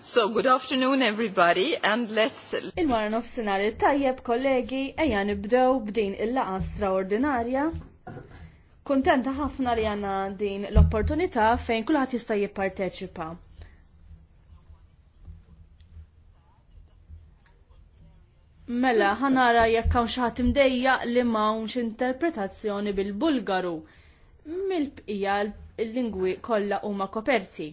So, good afternoon everybody and let's... Il-wara nofsinar il-tajjeb kollegi eja nibdew b'din il-laqa straordinarja. Kontenta ħafna li għanna din l-opportunità fejn kulħadd jista' jipparteċipa. Mela, ħanara jekk hawn xi ħadd imdejja li m'hawnx interpretazzjoni bil-Bulgaru. Mill-bqija l-lingwi kollha huma koperti.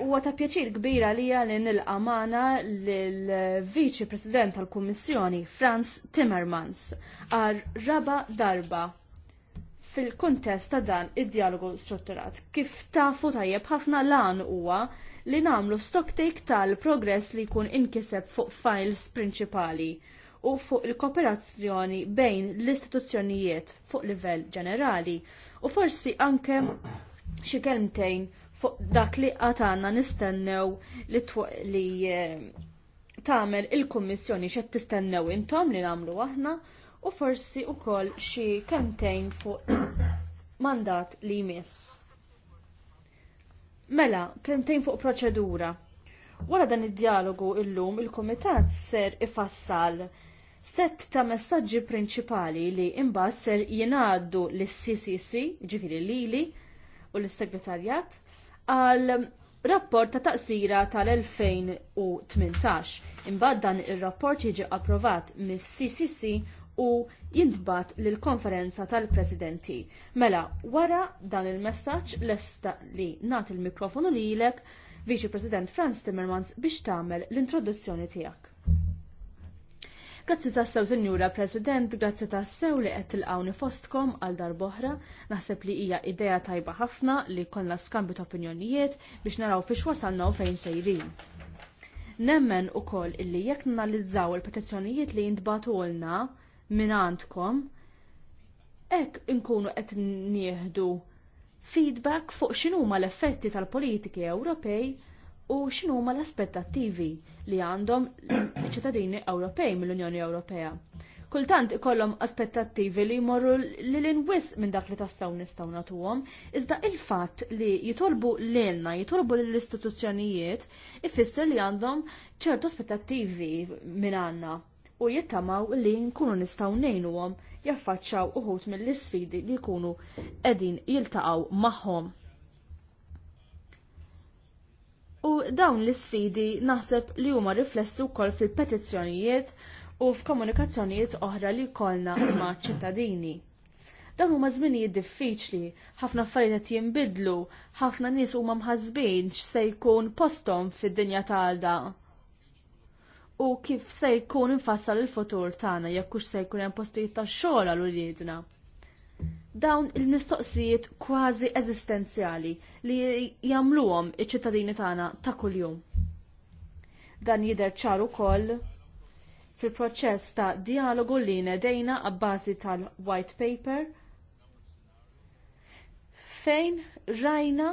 Huwa għata pjaċir kbira li li nilqa' amana lill-Viċi President tal-Kummissjoni Franz Timmermans għar raba darba fil-kuntest ta' dan id-dialogu strutturat. Kif tafu tajjeb ħafna lan huwa li nagħmlu stocktake tal-progress li jkun inkiseb fuq files prinċipali u fuq il-kooperazzjoni bejn l-istituzzjonijiet fuq livell ġenerali u forsi anke xi kelmtejn fuq dak li għatana nistennew li, li eh, tagħmel il-Kummissjoni xed tistennew intom li nagħmlu aħna u forsi wkoll xi kantejn fuq mandat li jmiss. Mela, kemmtejn fuq proċedura. Wara dan id-dialogu illum il-Kumitat ser ifassal set ta' messaġġi prinċipali li imbagħad ser jingħaddu lis-CCC, ġifieri lili, u l-Segretarjat għal rapport ta' taqsira tal-2018. Imbagħad dan ir-rapport jiġi approvat mis-CCC u jintbat lill konferenza tal-Presidenti. Mela, wara dan il-messaġġ lesta li nagħti il-mikrofonu lilek, Viċi President Franz Timmermans biex tagħmel l-introduzzjoni tiegħek. Grazzi tassew, Sinjura President, grazzi tassew li qed tilqawni fostkom għal darboħra. Naħseb li hija idea tajba ħafna li konna skambju ta' opinjonijiet biex naraw fiex wasalna u fejn sejrin. Nemmen ukoll illi jekk nanalizzaw il-petizzjonijiet li jintbatu għolna minn għandkom, hekk inkunu qed nieħdu feedback fuq x'inhuma l-effetti tal-politiki Ewropej u xinu huma l-aspettattivi li għandhom ċittadini Ewropej mill-Unjoni Ewropea. Kultant ikollhom aspettattivi li jmorru lil inwis minn dak li tastaw nistgħu nagħtuhom, iżda il-fatt li jitolbu lilna, jitolbu lill-istituzzjonijiet, ifisser li għandhom ċertu aspettattivi minn għandna u jittamaw li nkunu nistgħu ngħinuhom jaffaċċaw uħut mill-isfidi li jkunu qegħdin jiltaqgħu magħhom. U dawn l-isfidi naħseb li huma riflessi wkoll fil-petizzjonijiet u f'komunikazzjonijiet oħra li jkollna ma' ċittadini dan huma żminijiet diffiċli, ħafna affarijiet qed jinbidlu, ħafna nies huma mħasbin x'se jkun posthom fid-dinja talda. U kif se jkun infassal il-futur tagħna jekk hux se jkun hemm postijiet tax-xogħol għal uliedna dawn il-mistoqsijiet kważi eżistenzjali li jagħmluhom iċ-ċittadini tagħna ta' kuljum. Dan jidher ċar ukoll fil-proċess ta' dialogu li nedejna għabbażi tal-white paper fejn rajna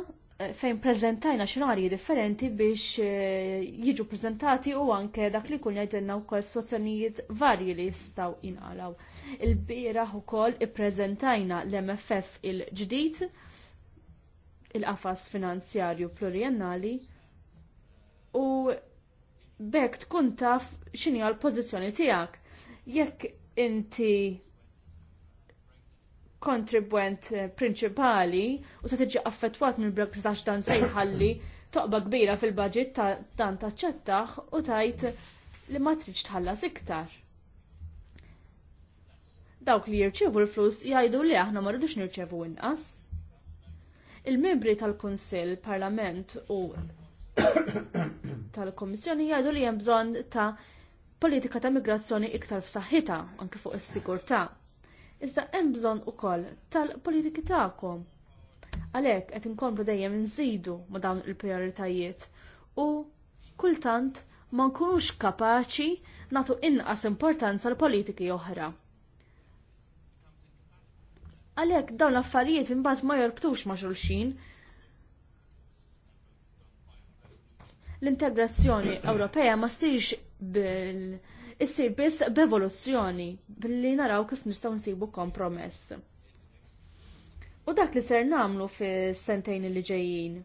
fejn prezentajna xinarji differenti biex eh, jiġu prezentati u anke dak li kun jgħidilna wkoll situazzjonijiet varji li jistgħu jinqalaw. Il-bieraħ ukoll ippreżentajna l-MFF il-ġdid il-qafas finanzjarju pluriennali u bekt tkun taf x'inhi l-pożizzjoni tiegħek. Jekk inti kontribwent eh, prinċipali u se tiġi affettwat mill brexit għax dan se jħalli toqba kbira fil-budget ta' dan taċċettaħ u tajt li ma tridx tħallas iktar. Dawk li jirċevu l-flus jgħidu li aħna ma rridux nirċevu inqas. Il-membri tal-Kunsill, Parlament u tal-Kommissjoni jgħidu li hemm bżonn ta' politika ta' migrazzjoni iktar f'saħħitha anke fuq is-sigurtà iżda hemm bżonn ukoll tal-politiki tagħkom. Għalhekk qed inkomplu dejjem inżidu ma' dawn il-prijoritajiet u kultant ma nkunux kapaċi nagħtu inqas importanza l politiki oħra. Għalhekk dawn l-affarijiet imbagħad ma jorbtux ma' xulxin. L-integrazzjoni Ewropea ma stix bil issir biss b'evoluzzjoni billi naraw kif nistgħu nsibu kompromess. U dak li ser namlu fis-sentejn li ġejjin.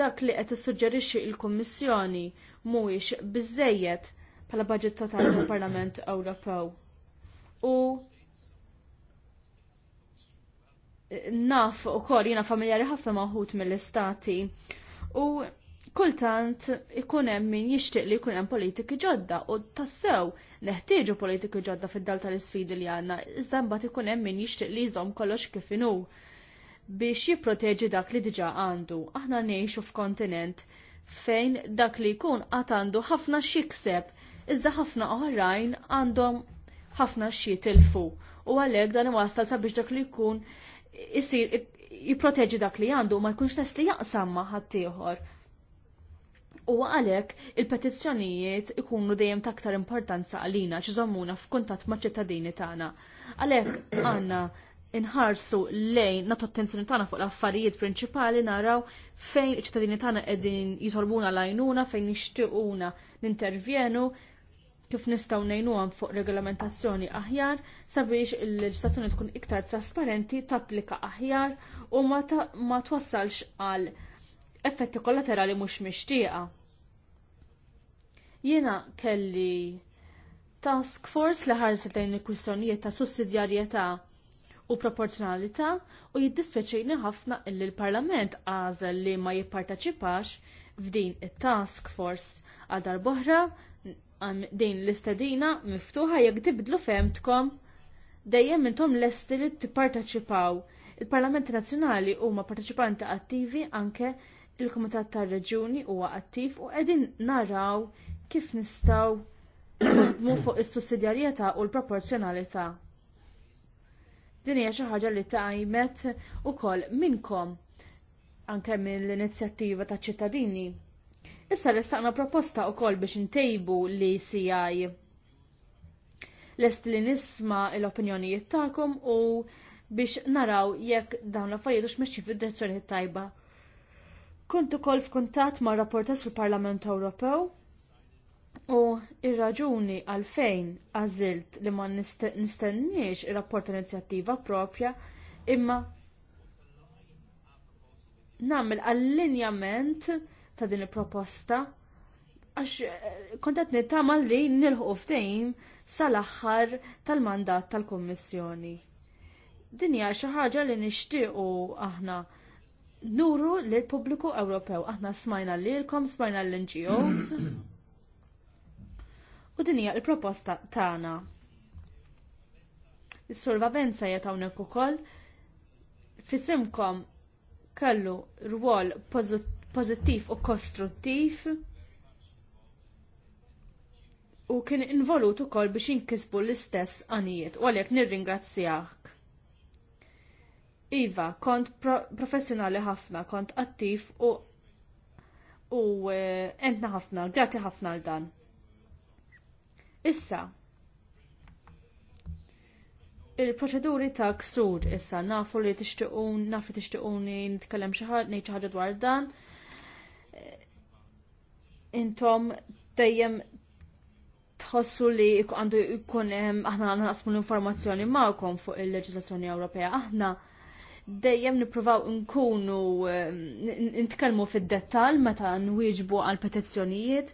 Dak li qed issuġġerixxi l-Kummissjoni mhuwiex biżejjed bħala budget totali tal-Parlament Ewropew. U naf u kol jina familjari ħafna maħut mill-istati. U kultant ikun hemm min jixtieq li jkun hemm politiki ġodda u tassew neħtieġu politiki ġodda fid-dal tal-isfidi li għandna, iżda mbagħad ikun hemm min jixtieq li jżomm kollox kif inhu biex jipproteġi dak li diġà għandu. Aħna ngħixu f'kontinent fejn dak li jkun qatt għandu ħafna xikseb, iżda ħafna oħrajn għandhom ħafna xi tilfu. U għalhekk dan iwasal sabiex dak li jkun isir jipproteġi dak li għandu ma jkunx test li jaqsam ma' ħaddieħor U għalhekk il-petizzjonijiet ikunu dejjem ta' aktar importanza għalina ċizomuna f'kuntatt ma' ċittadini tagħna. Għalhekk għandna inħarsu lejn natu attenzjoni tagħna fuq l-affarijiet prinċipali naraw fejn iċ-ċittadini tagħna qegħdin jitolbuna lajnuna, fejn nixtiequna nintervjenu, kif nistgħu ngħinuhom fuq regolamentazzjoni aħjar sabiex il-leġislazzjoni tkun iktar trasparenti, tapplika aħjar u ma twassalx għal effetti kollaterali mhux mixtieqa. Jiena kelli task force li ħarset lejn il-kwistjonijiet ta' sussidjarjetà u proporzjonalità u jiddispjaċini ħafna illi l-Parlament għażel li ma jipparteċipax f'din it-task force għal darboħra din l-istedina miftuħa jekk tibdlu femtkom dejjem intom lesti li tipparteċipaw. Il-Parlamenti Nazzjonali huma parteċipanti attivi anke il-Kumitat tar-Reġuni huwa attiv u qegħdin naraw kif nistgħu naħdmu fuq is-sussidjarjetà u l-proporzjonalità. Din hija xi ħaġa li tajmet ukoll minnkom anke mill-inizjattiva ta' ċittadini. Issa l-istaqna proposta wkoll biex intejbu li CI. Lest li nisma l-opinjonijiet tagħkom u biex naraw jekk dawn l-affarijiet u x'mexxi fid-direzzjoni tajba Kont ukoll f'kuntatt ma' rapporta fil-Parlament Ewropew u ir-raġuni għalfejn għażilt li ma nistenniex ir-rapport inizjattiva propja imma nagħmel allinjament ta' din il-proposta għax eh, kontet nittama li nilħu ftejn sal-axħar tal-mandat tal-Kommissjoni. Din hija xi ħaġa li nixtiequ aħna nuru lill pubbliku Ewropew. Aħna smajna lilkom, smajna l-NGOs. U din hija l proposta tagħna. Is-solvavenza hija hawnhekk ukoll. Fisimkom kellu rwol pożittiv u kostruttiv u kien involut ukoll biex inkisbu l-istess għanijiet u għalhekk nirringrazzjak. Iva, kont pro professjonali ħafna, kont attiv u u eh, entna ħafna, grati ħafna għal dan. Issa, il-proċeduri ta' ksur issa nafu li t-ixtiqun, nafu li t-ixtiqun nitkellem xi ħadd ngħid xi ħaġa dwar dan. Eh, intom dejjem tħossu li għandu jkun hemm aħna għasmu l-informazzjoni magħkom fuq il leġizazzjoni Ewropea. Aħna dejjem nippruvaw nkunu ehm, nitkellmu fid-dettall meta nwieġbu għal petizzjonijiet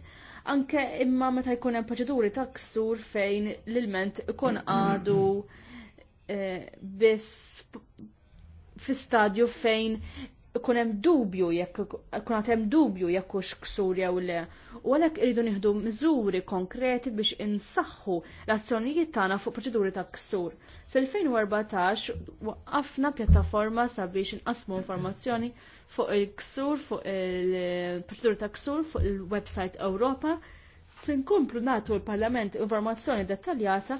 anke imma meta jkun hemm proċeduri ta' ksur fejn l-ilment ikun għadu eh, biss fi stadju fejn ikun hemm dubju jekk ikun hemm dubju jekk hux ksur jew le. U għalhekk iridu nieħdu miżuri konkreti biex insaħħu l-azzjonijiet tagħna fuq proċeduri ta' ksur. Fil-2014 waqqafna pjattaforma sabiex inqasmu informazzjoni fuq il-ksur fuq il-proċeduri ta' ksur fuq il-website Ewropa. nkomplu nagħtu l-Parlament informazzjoni dettaljata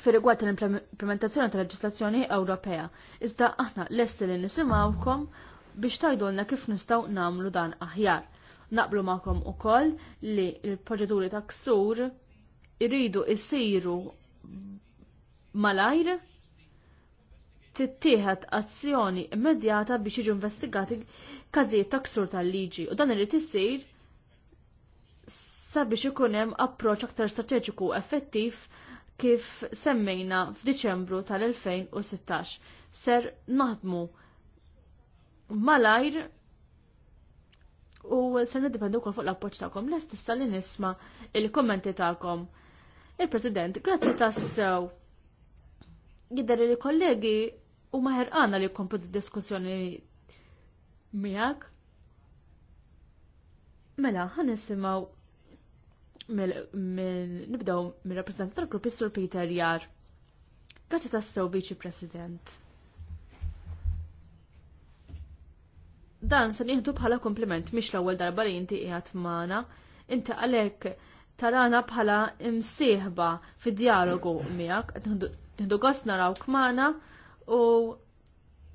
fir rigward l-implementazzjoni tal-leġislazzjoni Ewropea. Iżda aħna lesti li nisimawkom biex tajdulna kif nistgħu nagħmlu dan aħjar. Naqblu magħkom ukoll li l-proċeduri ta' ksur iridu jsiru malajr tittieħed azzjoni immedjata biex jiġu investigati każijiet ta' ksur tal-liġi u dan irid isir sabiex ikun hemm approċċ aktar strateġiku effettiv kif semmejna f'Diċembru tal-2016. Ser naħdmu malajr u ser nidipendu kol fuq l-appoċ ta'kom. lest tista' li nisma il-kommenti ta'kom. Il-President, grazzi tassew. Jidder li kollegi u maħer għana li kompu diskussjoni miegħek. Mela, ħan nisimaw nibdew mill-rappresentant tal-grupp Sir Peter Jar. Grazie ta' sew viċi President. Dan se nieħdu bħala kompliment miex l-ewwel darba li inti qiegħed magħna, inti għalhekk tarana bħala imsieħba fid-dialogu miegħek, nieħdu gost narawk magħna u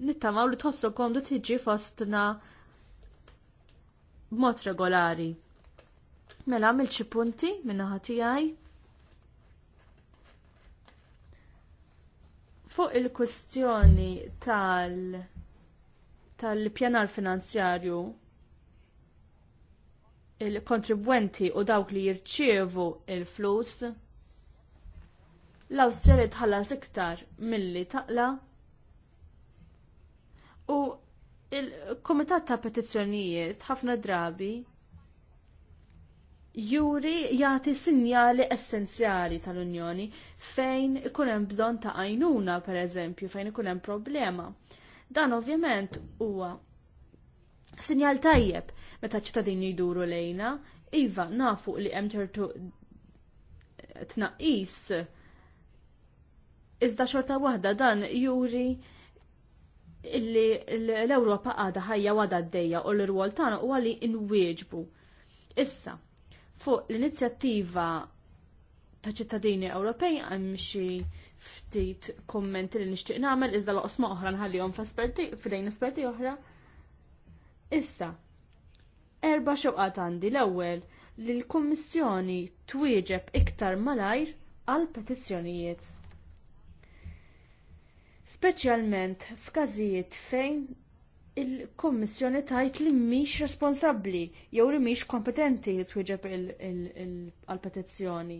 nittamaw li tħossu komdu tiġi fostna b'mod regolari. Mela għamil xi punti minnaħa tiegħi. Fuq il-kwestjoni tal- tal-pjanar finanzjarju il-kontribwenti u dawk li jirċievu il-flus l-Awstrija tħallas iktar milli taqla u il-Komitat ta' Petizzjonijiet ħafna drabi juri jagħti sinjali essenzjali tal-Unjoni fejn ikun hemm bżonn ta' għajnuna pereżempju fejn ikun hemm problema. Dan ovvjament huwa sinjal tajjeb meta ċittadini jduru lejna, iva nafu li hemm ċertu tnaqqis iżda xorta waħda dan juri illi l-Ewropa għada ħajja għada d-dejja u l-rwol tagħna huwa li nwieġbu. Issa, Fuq l-inizjattiva ta' ċittadini Ewropej għam xi ftit kummenti li nixtieq nagħmel iżda loqosma oħra nħallihom f'dejn esperti oħra. Issa, erba xewqat għandi l-ewwel li l-Kummissjoni twieġeb iktar malajr għal petizzjonijiet. Speċjalment f'każijiet fejn il-Kommissjoni tajt li mhix responsabbli jew li mhix kompetenti li twieġeb għal-petizzjoni.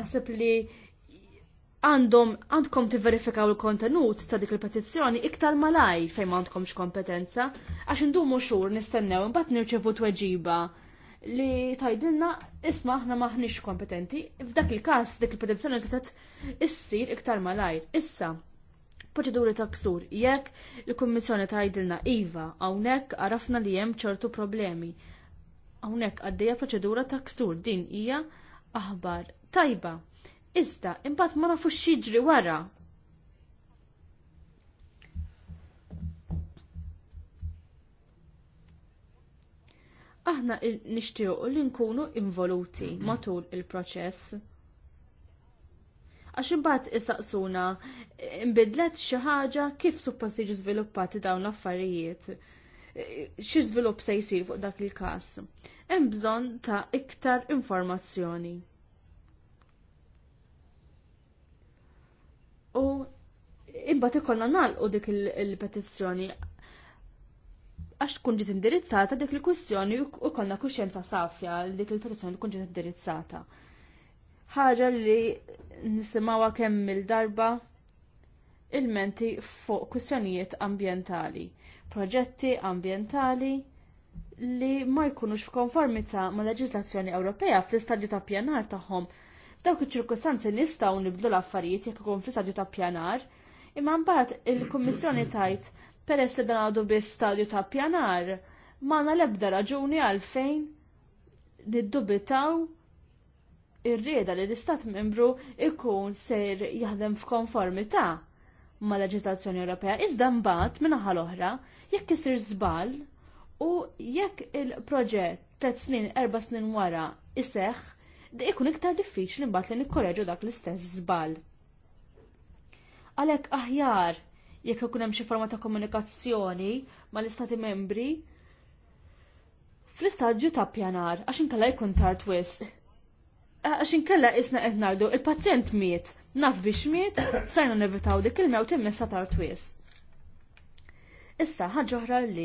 Naħseb li għandhom għandkom tiverifikaw il-kontenut ta' dik il-petizzjoni iktar malaj fejn għandkomx kompetenza għax indumu xhur nistennew imbagħad nirċevu tweġiba li tajdilna isma aħna maħniex kompetenti. F'dak il-każ dik il-petizzjoni li issir iktar malajr. Issa, proċeduri ta' ksur. Jekk il-Kummissjoni tgħidilna iva hawnhekk arafna li hemm ċertu problemi. Hawnhekk għaddejja proċedura ta' ksur din hija aħbar tajba. Iżda imbagħad ma nafux x'jiġri wara. Aħna nixtiequ li nkunu involuti matul il-proċess għax imbagħad isaqsuna imbidlet xi ħaġa kif suppost jiġu żviluppati dawn l-affarijiet. Xi żvilupp se jsir fuq dak il-każ. Hemm bżonn ta' iktar informazzjoni. U imbagħad ikollna nagħlqu dik il-petizzjoni għax tkun ġiet indirizzata dik il-kwistjoni u kollna kuxjenza safja li dik il-petizzjoni tkun ġiet indirizzata ħaġa li nisimawa kemm il-darba il-menti fuq kwistjonijiet ambjentali, proġetti ambjentali li ma jkunux f'konformità mal leġislazzjoni Ewropea fl-istadju ta' pjanar tagħhom. Dawk iċ-ċirkostanzi nistgħu nibdlu l-affarijiet jekk ikun fl-istadju ta' pjanar, imma mbagħad il-Kummissjoni tajt peress li dan għadu biss stadju ta' pjanar, ma l-ebda raġuni għalfejn niddubitaw Irrieda li l-Istat membru ikun ser jaħdem f'konformità mal leġislazzjoni Ewropea. Iżda mbagħad minaħa l-oħra, jekk isir żball u jekk il-proġett tliet snin, erba' snin wara iseħħ, di ikun iktar diffiċli mbagħad li nikkoreġu dak l-istess żball. Għalhekk aħjar jekk ikun hemm xi forma ta' komunikazzjoni mal-istati membri fl-istadju ta' pjanar għax inkella jkun tard wisq għaxin kella isna qed ngħidu il-pazjent miet, naf biex miet, sajna nevitaw dik il-mewt immessa tar twis. Issa ħaġa oħra li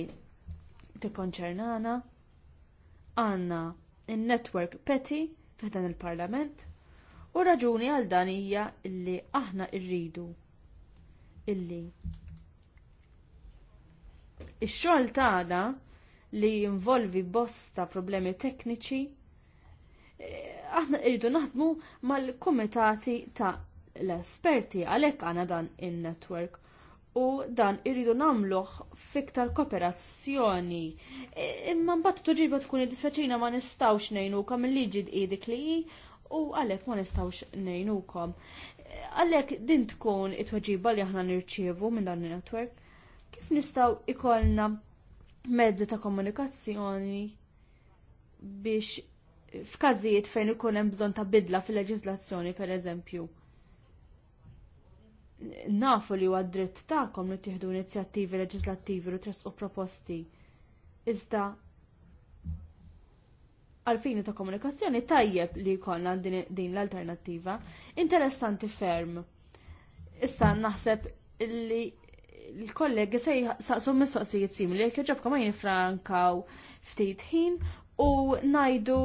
tikkonċernana għandna in-network peti f'dan il-Parlament u raġuni għal dan hija illi aħna rridu illi ix-xogħol tagħna li jinvolvi bosta problemi tekniċi aħna irridu naħdmu mal-kumitati ta' l-esperti għalhekk għandna dan in-network u dan irridu nagħmluh fiktar kooperazzjoni. E, imma mbagħad tuġiba tkun id-disfaċina ma nistgħux ngħinukom il-liġi dik li u għalhekk ma nistgħux ngħinukom. E, għalhekk din tkun it-tweġiba li aħna nirċievu minn dan in-network. Kif nistgħu ikollna mezzi ta' komunikazzjoni biex f'każijiet fejn ikun hemm bżonn ta' bidla fil-leġiżlazzjoni pereżempju. Nafu li huwa dritt tagħkom li tieħdu inizjattivi leġislattivi u tresqu proposti. Iżda għalfini ta' komunikazzjoni tajjeb li jkollna din l-alternattiva. Interessanti ferm. Issa naħseb li l-kollegi se saqsu mistoqsijiet simili, kħeġabka franka jinfrankaw ftit ħin u najdu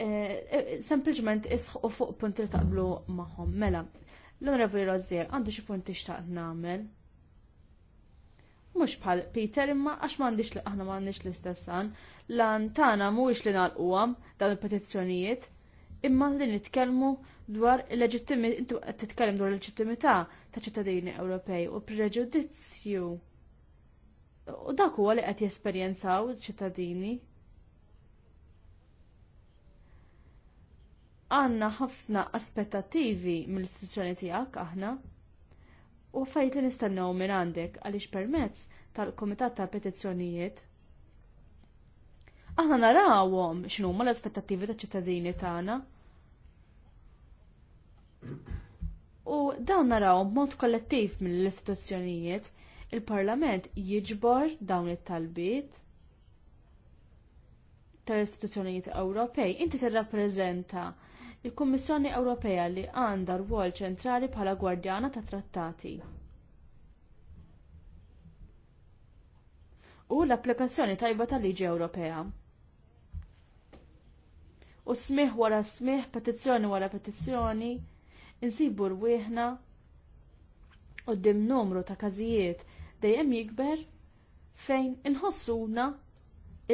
Eh, eh, sempliċement isħu fuq punti li taqblu magħhom. Mela, l-Onorevoli Rozier, għandu xi punti xtaqt nagħmel. Mhux bħal Peter imma għax m'għandix li aħna m'għandix l-istess lan. Lan tagħna mhuwiex li nagħlquhom dawn il-petizzjonijiet, imma li nitkellmu dwar il leġittimit intu qed dwar il leġittimita ta' ċittadini Ewropej u preġudizzju. U dak huwa li qed jesperjenzaw ċittadini għanna ħafna aspettativi mill-istituzzjoni tiegħek aħna u fejt li nistennew minn għandek għaliex permezz tal-Kumitat tal-Petizzjonijiet aħna narawhom x'inhuma l-aspettattivi taċ-ċittadini tagħna. U dawn narawhom mod kollettiv mill-istituzzjonijiet il-Parlament jiġbor dawn it-talbiet tal-istituzzjonijiet Ewropej. Inti tirrappreżenta il-Kummissjoni Ewropea li għandha rwol ċentrali bħala gwardjana ta' trattati. U l-applikazzjoni tajba tal-liġi Ewropea. U smih wara smih, petizzjoni wara petizzjoni, insibu rwieħna dim numru ta' każijiet dejjem jikber fejn inħossuna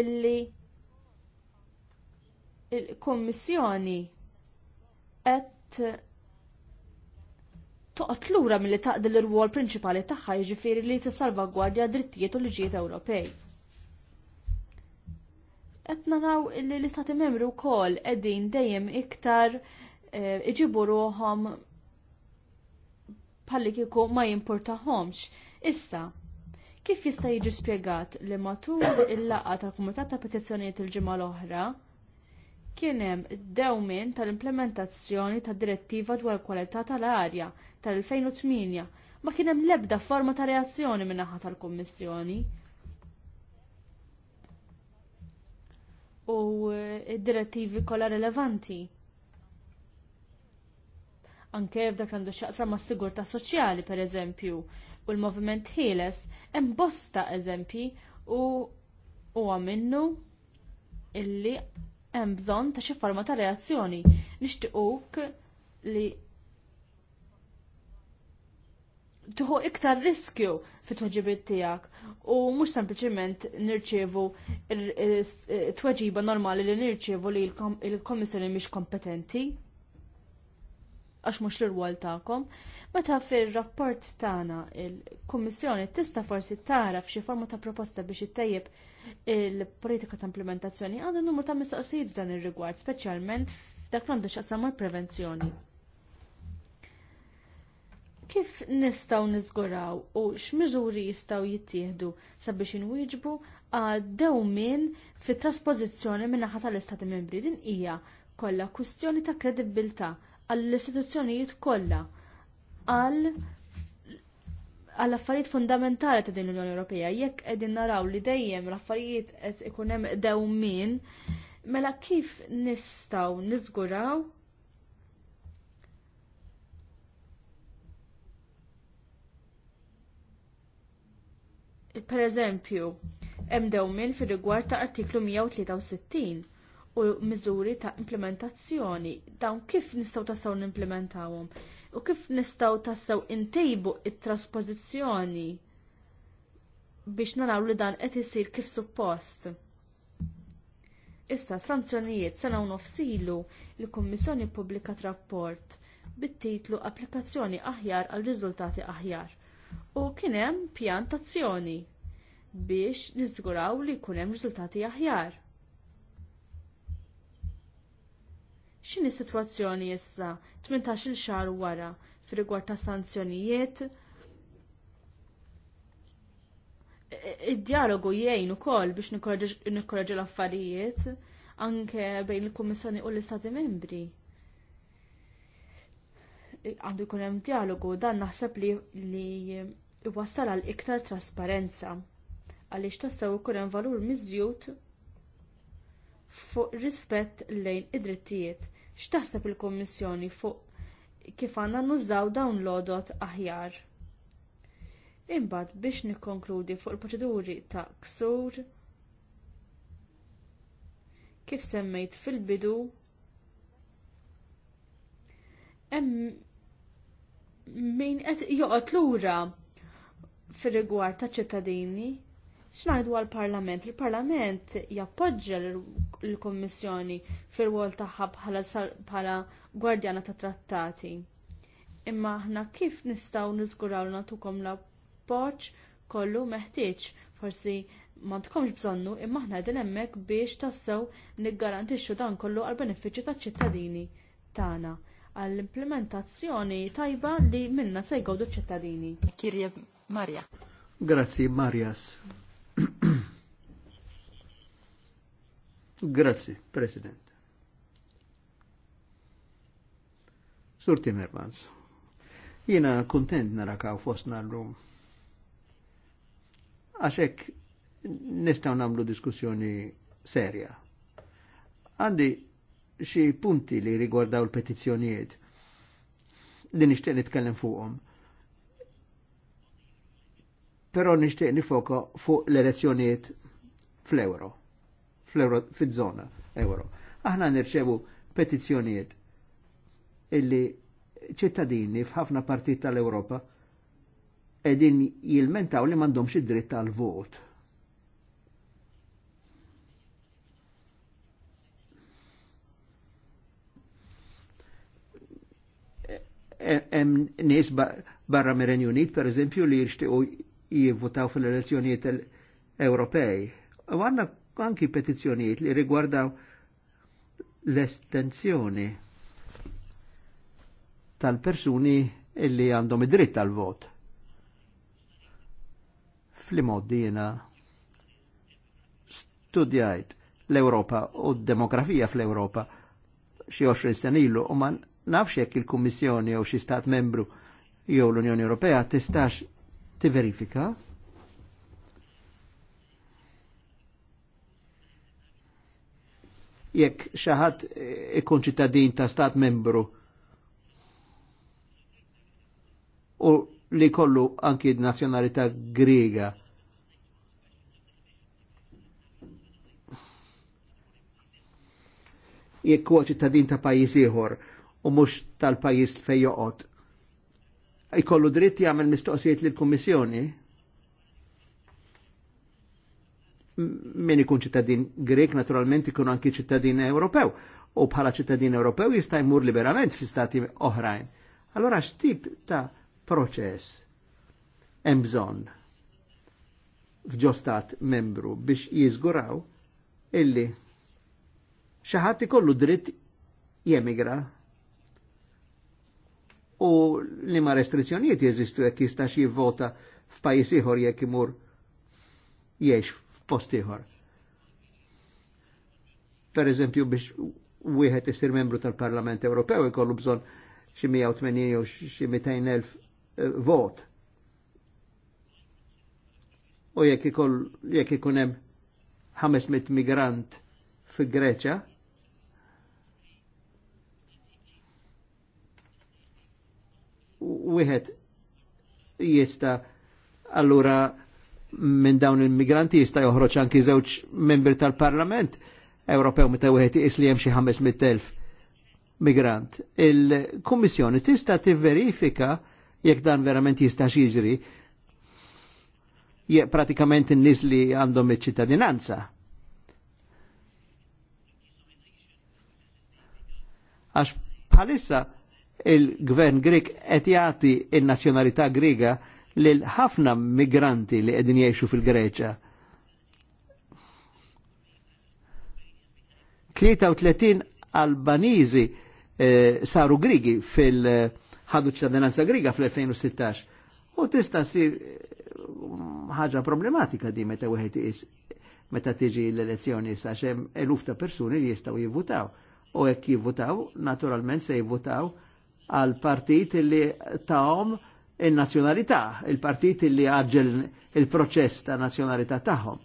illi il kummissjoni qed toqgħod lura milli taqdi l rwol prinċipali tagħha jiġifieri li tissalvagwardja drittijiet u liġijiet Ewropej. Qed naraw li l-istati membri wkoll qegħdin dejjem iktar eh, iġibu ruhom bħalli kieku ma jimportahomx. Issa, kif jista' jiġi spjegat li matul il laqgħa tal-Kumitat ta' Petizzjonijiet il-ġimgħa l-oħra kien hemm dewmien tal-implementazzjoni tad direttiva dwar kwalità tal-arja tal-2008 ma kien hemm l-ebda forma ta' reazzjoni min-naħa tal-Kummissjoni. U id-direttivi kollha rilevanti. Anke f'dak għandu x'jaqsam mas sigurtà soċjali pereżempju u l-moviment ħieles hemm bosta eżempji u huwa minnu illi hemm bżonn ta' xi forma ta' reazzjoni. Nixtiequk li tuħu iktar riskju fit-tweġibiet tiegħek u mhux sempliċement nirċievu eh, tweġiba normali li nirċievu li l-Komissjoni mhix kompetenti għax mhux l-rwol tagħkom. Meta fir-rapport tagħna il-Kummissjoni tista' forsi tara f'xi forma ta' proposta biex ittejjeb il-politika ta' implementazzjoni għandu numru ta' mistoqsijiet f'dan ir-rigward, speċjalment f'dak l-għandu xaqsam prevenzjoni. Kif nistaw nizguraw u x'miżuri jistaw jittieħdu sabiex inwieġbu għaddew minn fit traspożizzjoni minn naħa tal-Istati Membri din hija kollha kwistjoni ta' kredibilità għall-istituzzjonijiet kollha għal għall affarijiet fundamentali ta' din l-Unjoni Ewropea. Jekk qegħdin naraw li dejjem l-affarijiet qed ikun hemm dewmin, mela kif nistgħu niżguraw Per eżempju, hemm dewmin fir-rigward ta' artiklu 163 u miżuri ta' implementazzjoni. Dawn kif nistgħu tasaw nimplementawhom? u kif nistgħu tassew intejbu it-trasposizzjoni biex naraw li dan qed isir kif suppost. Issa sanzjonijiet sena u nofsilu il-Kummissjoni ppubblikat rapport bit-titlu Applikazzjoni aħjar għal riżultati aħjar u kien hemm pjan tazzjoni biex niżguraw li jkun hemm riżultati aħjar. X'inhi situazzjoni issa 18-il xahar wara fir-rigward ta' sanzjonijiet? Id-dialogu jgħin ukoll biex nikkoreġu l-affarijiet anke bejn il-Kummissjoni u l-Istati Membri għandu jkun hemm dialogu dan naħseb li li iwassal għal iktar trasparenza għaliex tassew ikun hemm valur miżjud fuq rispett lejn id-drittijiet. X'taħseb il-Kummissjoni fuq kif għandna nużaw dawn l-odot aħjar? Imbagħad biex nikkonkludi fuq il-proċeduri ta' ksur kif semmejt fil-bidu hemm min qed joqgħod lura fir-rigward taċ ċittadini X'ngħidu għall-Parlament? Il-Parlament jappoġġa l-Kommissjoni fir wol tagħha bħala gwardjana ta' trattati. Imma aħna kif nistgħu niżguraw nagħtukom l-appoġġ kollu meħtieġ forsi ma tkomx bżonnu imma aħna din hemmhekk biex tassew niggarantixxu dan kollu għall-benefiċċju taċ-ċittadini tagħna għall-implementazzjoni tajba li minna se jgawdu ċittadini. Kirje Marja. Grazzi Marjas. Grazie, President. Sur Timmermans, jina kontent narakaw fostna l rum Għaxek nistaw namlu diskussjoni serja. Għandi xie punti li rigordaw l-petizzjonijiet li nishtiq nitkellem fuqhom però nixtieq nifoka fuq l-elezzjonijiet fl-euro, fl-euro, fil zona euro. Aħna nirċevu petizzjonijiet illi ċittadini f'ħafna partit tal-Europa edin jilmentaw li mandomx id-dritt tal-vot. Hemm e-, e-, nies barra mir Unit, per eżempju, li jixtiequ jivvutaw fil-elezzjonijiet Ewropej. U għanna anki petizzjonijiet li rigwardaw l-estensjoni tal-persuni illi għandhom id-dritt tal-vot. Fl-moddi jena studjajt l-Europa u d-demografija fl-Europa xi 20 senilu ilu u ma nafx jekk il-Kummissjoni jew xi Stat Membru jew l-Unjoni Ewropea tistax tiverifika. Jekk xaħat ikun ċittadin ta' stat membru u li kollu anki nazjonalità grega. Jekk huwa ċittadin ta' pajjiż ieħor u mhux tal-pajjiż fejn joqgħod jkollu dritt jagħmel mistoqsijiet lill-Kummissjoni min ikun ċittadin Grek naturalment ikun anki ċittadin Ewropew u bħala ċittadin Ewropew jista' jmur liberament fi stati oħrajn. Allora x'tip ta' proċess hemm bżonn f'ġo stat membru biex jiżguraw illi xi ħadd ikollu dritt jemigra u li ma restrizzjonijiet jeżistu jekk jistax jivvota f'pajjiż ieħor jekk imur jgħix f'post ieħor. Per eżempju biex wieħed isir membru tal-Parlament Ewropew ikollu bżonn xi 180 jew xi 200 elf eh, vot. U jekk ikun hemm 500 migrant fi greċja wieħed jista allura minn dawn il-migranti jista joħroġ anki żewġ membri tal-Parlament Ewropew meta wieħed iqis li hemm xi 500,000 migrant. Il-Kummissjoni tista' tivverifika jekk dan verament jista' jiġri jekk pratikament in-nies li għandhom iċ-ċittadinanza. Għax bħalissa il-gvern Grek qed jagħti n-nazzjonalità Griega lil ħafna migranti li qegħdin jgħixu fil-Greċja. 33 Albaniżi eh, saru Grigi fil- ħadu ċittadinanza Griga fl-2016. U tista' sir eh, ħaġa problematika di meta wieħed is meta tiġi l-elezzjoni sa xem eluf ta' persuni li jistgħu jivvutaw. U hekk jivvutaw, naturalment se jivvutaw għal partit li taħom il-nazjonalità, il-partit li għagġel il-proċess ta' nazjonalità tagħhom.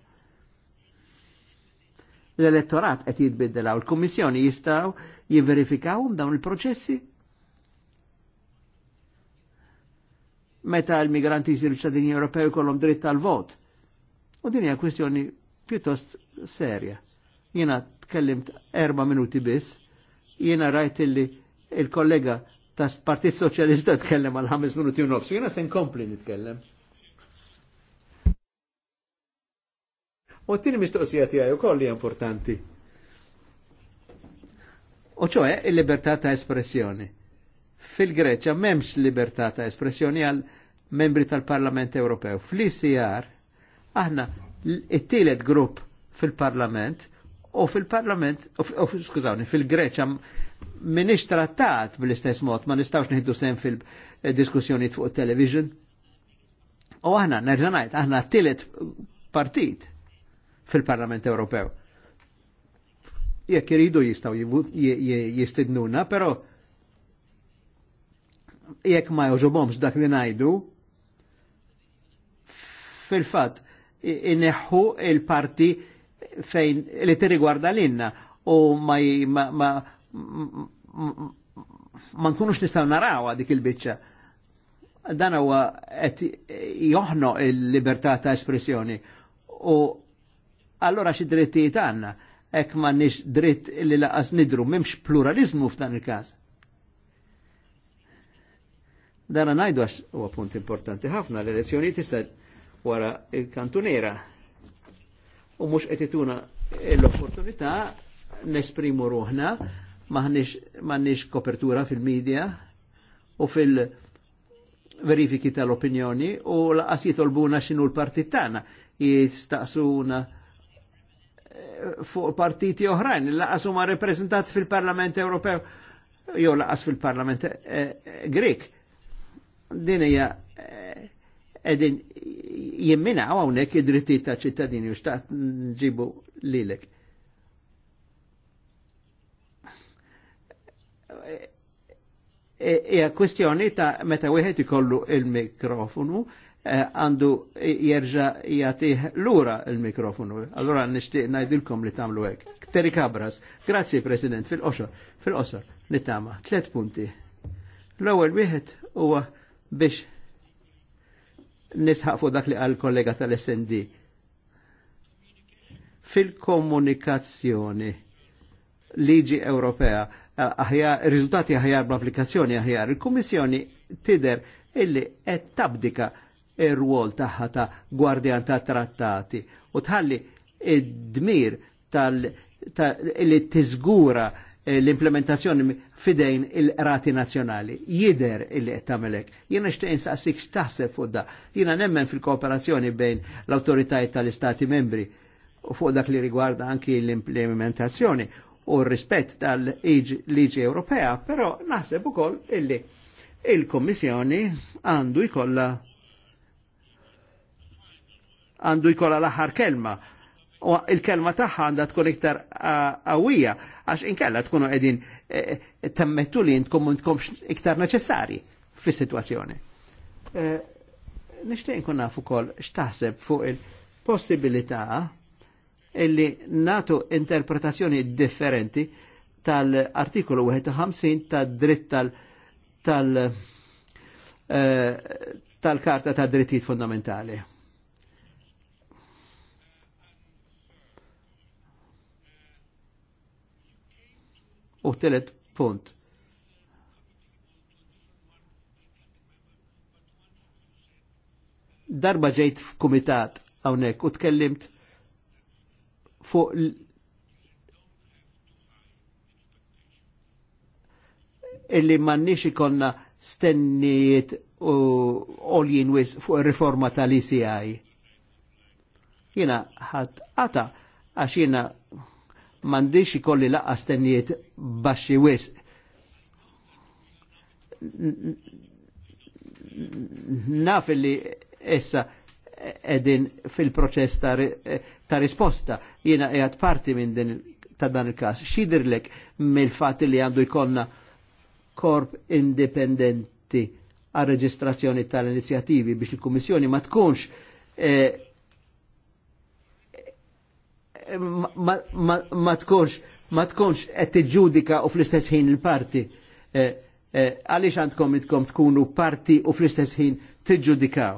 L-elettorat qed jitbiddelaw, il kommissjoni jistgħu jiverifikawum dawn il-proċessi? Meta l-migranti jisiru ċadini Ewropew kollhom dritt tal vot U din hija kwestjoni pjuttost serja. Jiena tkellimt erba' minuti biss, jiena rajt illi il-kollega ta' Partit Soċjalista tkellem għal ħames minuti u nofs, jena sen kompli nitkellem. U t-tini mistoqsija tijaj u kolli importanti. U ċoħe il-libertà ta' espressjoni. Fil-Greċa memx libertà ta' espressjoni għal membri tal-Parlament Ewropew. Fl-ICR, aħna it-tielet grupp fil-Parlament u fil-parlament, u skużawni, fil-Greċa minix trattat bil-istess mod, ma nistawx nħiddu sen fil-diskussjoni fuq television. U aħna, nerġanajt, aħna tilet partit fil-Parlament Ewropew. Jekk jiridu jistaw jistidnuna, pero jekk ma joġobomx dak li najdu, fil-fat, inneħu il parti fejn li tirrigwarda l-inna u ma ma, nkunux nistaw narawa dik il-bicċa. Dan huwa qed joħno il-libertà ta' espressjoni. U allora xi drittijiet għandna hekk m'għandniex dritt li laqas nidru m'hemmx pluralizmu f'dan il-każ. Dan ngħidu għax huwa punt importanti ħafna l-elezzjoni tista' wara il-kantunera u mux etituna l-opportunità nesprimu ruħna maħnix kopertura fil-medja u fil-verifiki tal-opinjoni u laqas jitolbuna xinu l-partit tana jistaqsuna eh, fuq partiti oħrajn, laqas huma rappreżentati fil-Parlament Ewropew jew laqas fil-Parlament eh, eh, Grek. Din hija qegħdin jimminaw għawnek id-dritti ta' ċittadini u xtaqt nġibu lilek. Ija e, e, e, kwestjoni ta' meta wieħed ikollu il-mikrofonu e, għandu e, jerġa jagħtih lura il-mikrofonu. Allora nishtiq ngħidilkom li tagħmlu hekk. Terry kabras, grazzi President fil-qosor, fil-qosor li tama punti. l ewel wieħed huwa biex nisħaq fuq dak li għal kollega tal-SND. Fil-komunikazzjoni liġi Ewropea, aħjar, riżultati aħjar bl-applikazzjoni aħjar, il-Kummissjoni tider illi qed tabdika ir-rwol tagħha ta' gwardjan ta' trattati u tħalli id-dmir tal- li tiżgura Eh, l-implementazzjoni fidejn il-rati nazjonali. Jider il-li għettamelek. Jena xtejn saqsik x'taħseb fuq da. Jena nemmen fil-kooperazzjoni bejn l-awtoritajiet tal-istati membri u fuq dak li rigwarda anki l-implementazzjoni u rispett tal-liġi Ewropea, però naħseb ukoll illi il-Kommissjoni għandu jkolla għandu jkolla l-aħħar kelma u il-kelma tagħha għandha tkun iktar għawija, għax inkella tkunu qegħdin e, e, temmettu li intkom intkomx iktar neċessari fis-sitwazzjoni. E, nishtiq Nixtieq nkun naf ukoll x'taħseb fuq il-possibilità illi natu interpretazzjoni differenti tal-artikolu 51 tad-dritt tal-, tal, e, tal-karta ta' drittijiet fundamentali. U telet punt. Darba ġejt f'kumitat għawnek u tkellimt fuq illi mannix ikonna stenniet u oljien wis fuq il reforma tal-ICI. Jina ħat għata għax jina mandiċ ikolli laqqa stennijiet baxxi wis. Naf li essa edin fil-proċess ta', ta risposta. Jena jgħat parti minn din ta' dan il-kas. Xidirlek mill-fat li għandu jkonna korp indipendenti għal reġistrazzjoni tal-inizjativi biex il-Kummissjoni ma tkunx eh, ma tkunx ma tkunx qed tiġġudika u fl-istess ħin il-parti. Eh, eh, għaliex għandkom idkom tkunu parti u fl-istess ħin tiġġudikaw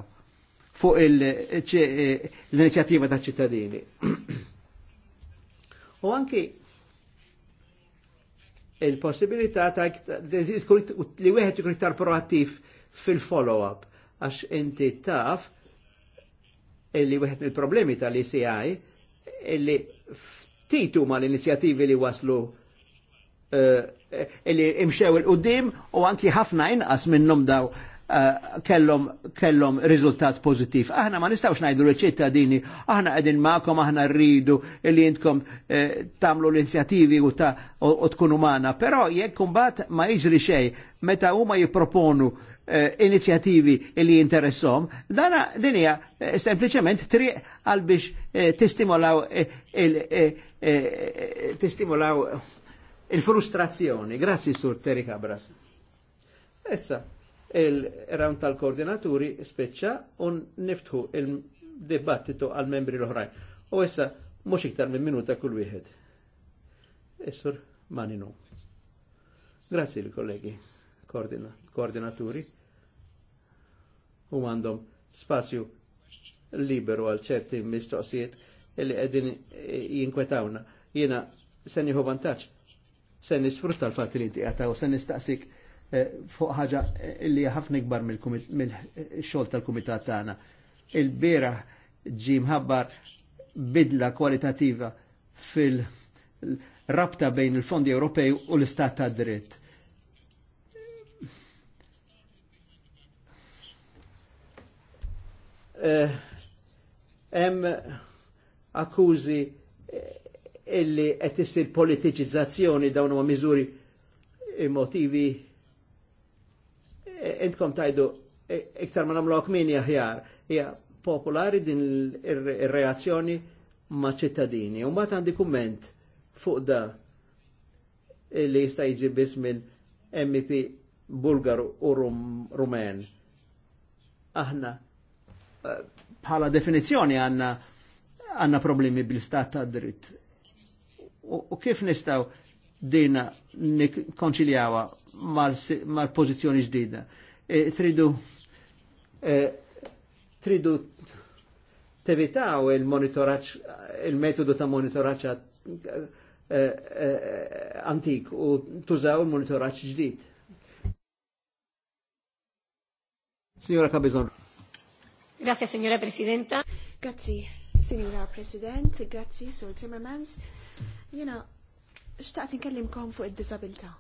fuq eh, l-inizjattiva ta' ċittadini. U anki il-possibilità ta' li wieħed ikun iktar proattiv fil-follow-up għax inti taf li wieħed mill-problemi tal-ECI illi ftitu ma l-inizjativi li waslu eh, illi imxew il-qoddim u anki ħafna inqas minnhom daw eh, kellom kellom riżultat pożittiv. Aħna ma nistgħux ngħidu l-ċittadini, aħna qegħdin magħkom, aħna rridu li intkom eh, tagħmlu l inizjattivi u ta' u tkunu magħna, però jekk imbagħad ma jiġri xejn meta huma jipproponu Eh, inizjativi li jinteressom, dana dinija eh, sempliciment tri għal biex eh, testimolaw testimolaw il-frustrazzjoni. Grazzi sur Terry Cabras. Essa, il-round tal-koordinaturi speċċa un niftħu il-dibattitu għal-membri l-oħrajn. U essa, mux iktar minn minuta kull wieħed. Essur, maninu. Grazzi l-kollegi koordinaturi u għandhom spazju liberu għal ċerti mistoqsijiet illi għedin jinkwetawna. Jena sen jħu vantaċ, sen nisfrutta l-fat li inti għataw, sen nistaqsik eh, fuq ħaġa illi ħafna ikbar mill-xol tal-kumitat tagħna. il bira ġi mħabbar bidla kwalitativa fil-rabta bejn il-fondi Ewropej u l-istat ta' dritt hemm eh, akkużi eh, illi qed issir politiċizzazzjoni dawn huma miżuri motivi eh, intkom tajdu eh, iktar ma nagħmlu min aħjar hija popolari din ir-reazzjoni ma' ċittadini. U mbagħad għandi kumment fuq da li jista' jiġi biss minn MP Bulgar u Rumen. Aħna bħala definizjoni għanna għanna problemi bil-stat ta' dritt. U kif nistaw din nikonċiljawa mal-pozizjoni ġdida? E, tridu e, tridu tevitaw il-monitoraċ, il-metodu ta' monitoraċ e, antik u tużaw il-monitoraċ ġdid. Signora Cabezon Grazie, signora Presidenta. Grazie, signora President. Grazie, Sur Timmermans. Jena, xtaqt nkellimkom fuq id-disabilità.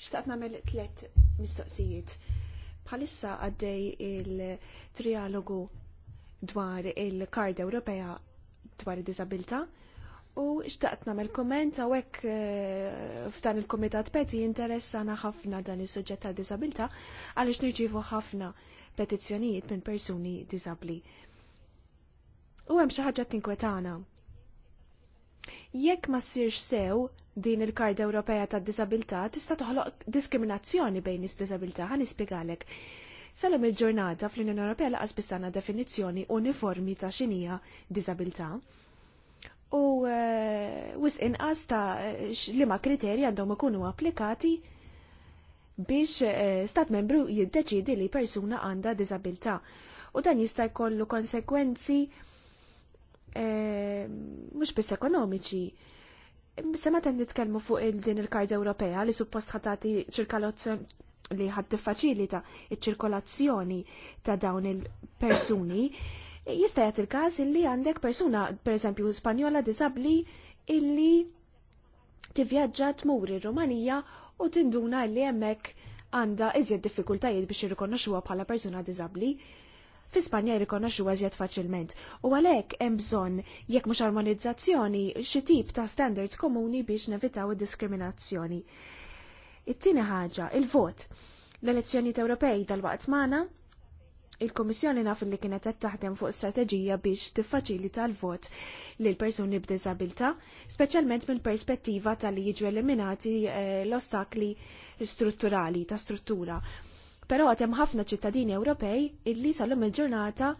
Xtaqt namel tlet mistoqsijiet. Bħalissa għaddej il-trialogu dwar il-Karda Ewropea dwar id-disabilità. U xtaqt namel komment għawek eh, f'dan il-komitat peti interessana ħafna dan il-sujġet ta' disabilta għalix nirġivu ħafna petizzjonijiet minn persuni diżabbli. U hemm xi ħaġa tinkwetana. Jekk ma ssirx sew din il-Karta Ewropea tad-Disabilità tista' toħloq diskriminazzjoni bejn is-disabilità ħa nispjegalek. Salom il-ġurnata fl-Unjoni Ewropea laqas bissana definizzjoni uniformi ta' xinija disabilità. U uh, wis inqas ta' li ma' kriterji għandhom ikunu applikati biex eh, stat membru jiddeċidi li persuna għandha diżabilità. U dan jista' jkollu konsekwenzi eh, mhux biss ekonomiċi. Sema tan nitkellmu fuq il-din il-Karta Ewropea li suppost ħatati ċirkalazzjoni li ħadd tiffaċilita ċ ċirkolazzjoni ta' dawn il-persuni, jista' jagħti il-każ illi għandek persuna, pereżempju Spanjola diżabbli illi tivvjaġġa tmur ir-Rumanija u tinduna li hemmhekk għandha iżjed diffikultajiet biex irrikonoxuha bħala persuna diżabbli. Fi Spanja jirrikonoxuha iżjed faċilment u għalhekk hemm bżonn jekk mhux armonizzazzjoni xi tip ta' standards komuni biex nevitaw id-diskriminazzjoni. It-tieni ħaġa, il-vot. L-elezzjonijiet Ewropej dal-waqt magħna Il-Komissjoni naf li kienet qed taħdem fuq strateġija biex tiffaċilita l-vot lil persuni b'diżabilità, speċjalment mill perspettiva tal-li jiġu eliminati eh, l-ostakli strutturali ta' struttura. Però għad hemm ħafna ċittadini Ewropej illi salum il-ġurnata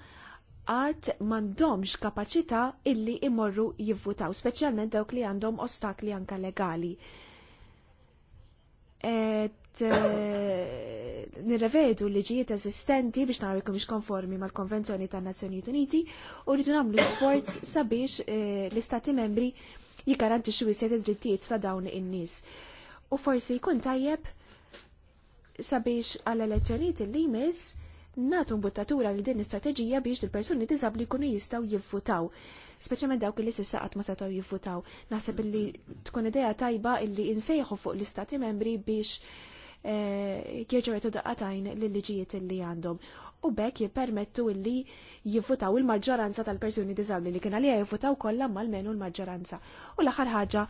għad mandomx kapaċità illi imorru jivvutaw, speċjalment dawk li għandhom ostakli anka legali. Et, eh, nirrevedu l-liġijiet eżistenti biex naraw jekk konformi mal-Konvenzjoni tan-Nazzjonijiet Uniti u rridu nagħmlu sforz sabiex eh, l-Istati membri jikkarantixxu jsejt id-drittijiet ta' dawn in-nies. U forsi jkun tajjeb sabiex għall-elezzjonijiet li jmiss natu mbuttatura li din istrateġija biex il-persuni diżabli kunu jistaw jivvutaw. Speċjalment dawk li sissa qatt ma setgħu jivvutaw. Naħseb illi tkun idea tajba illi insejħu fuq l-istati membri biex Eh, jirġaw għetu daqqatajn l-liġijiet li għandhom. U bekk jippermettu li jifutaw il-maġġoranza tal-persuni disabli li kien għalija jivvutaw kollha mal-menu l-maġġoranza. U l-aħħar ħaġa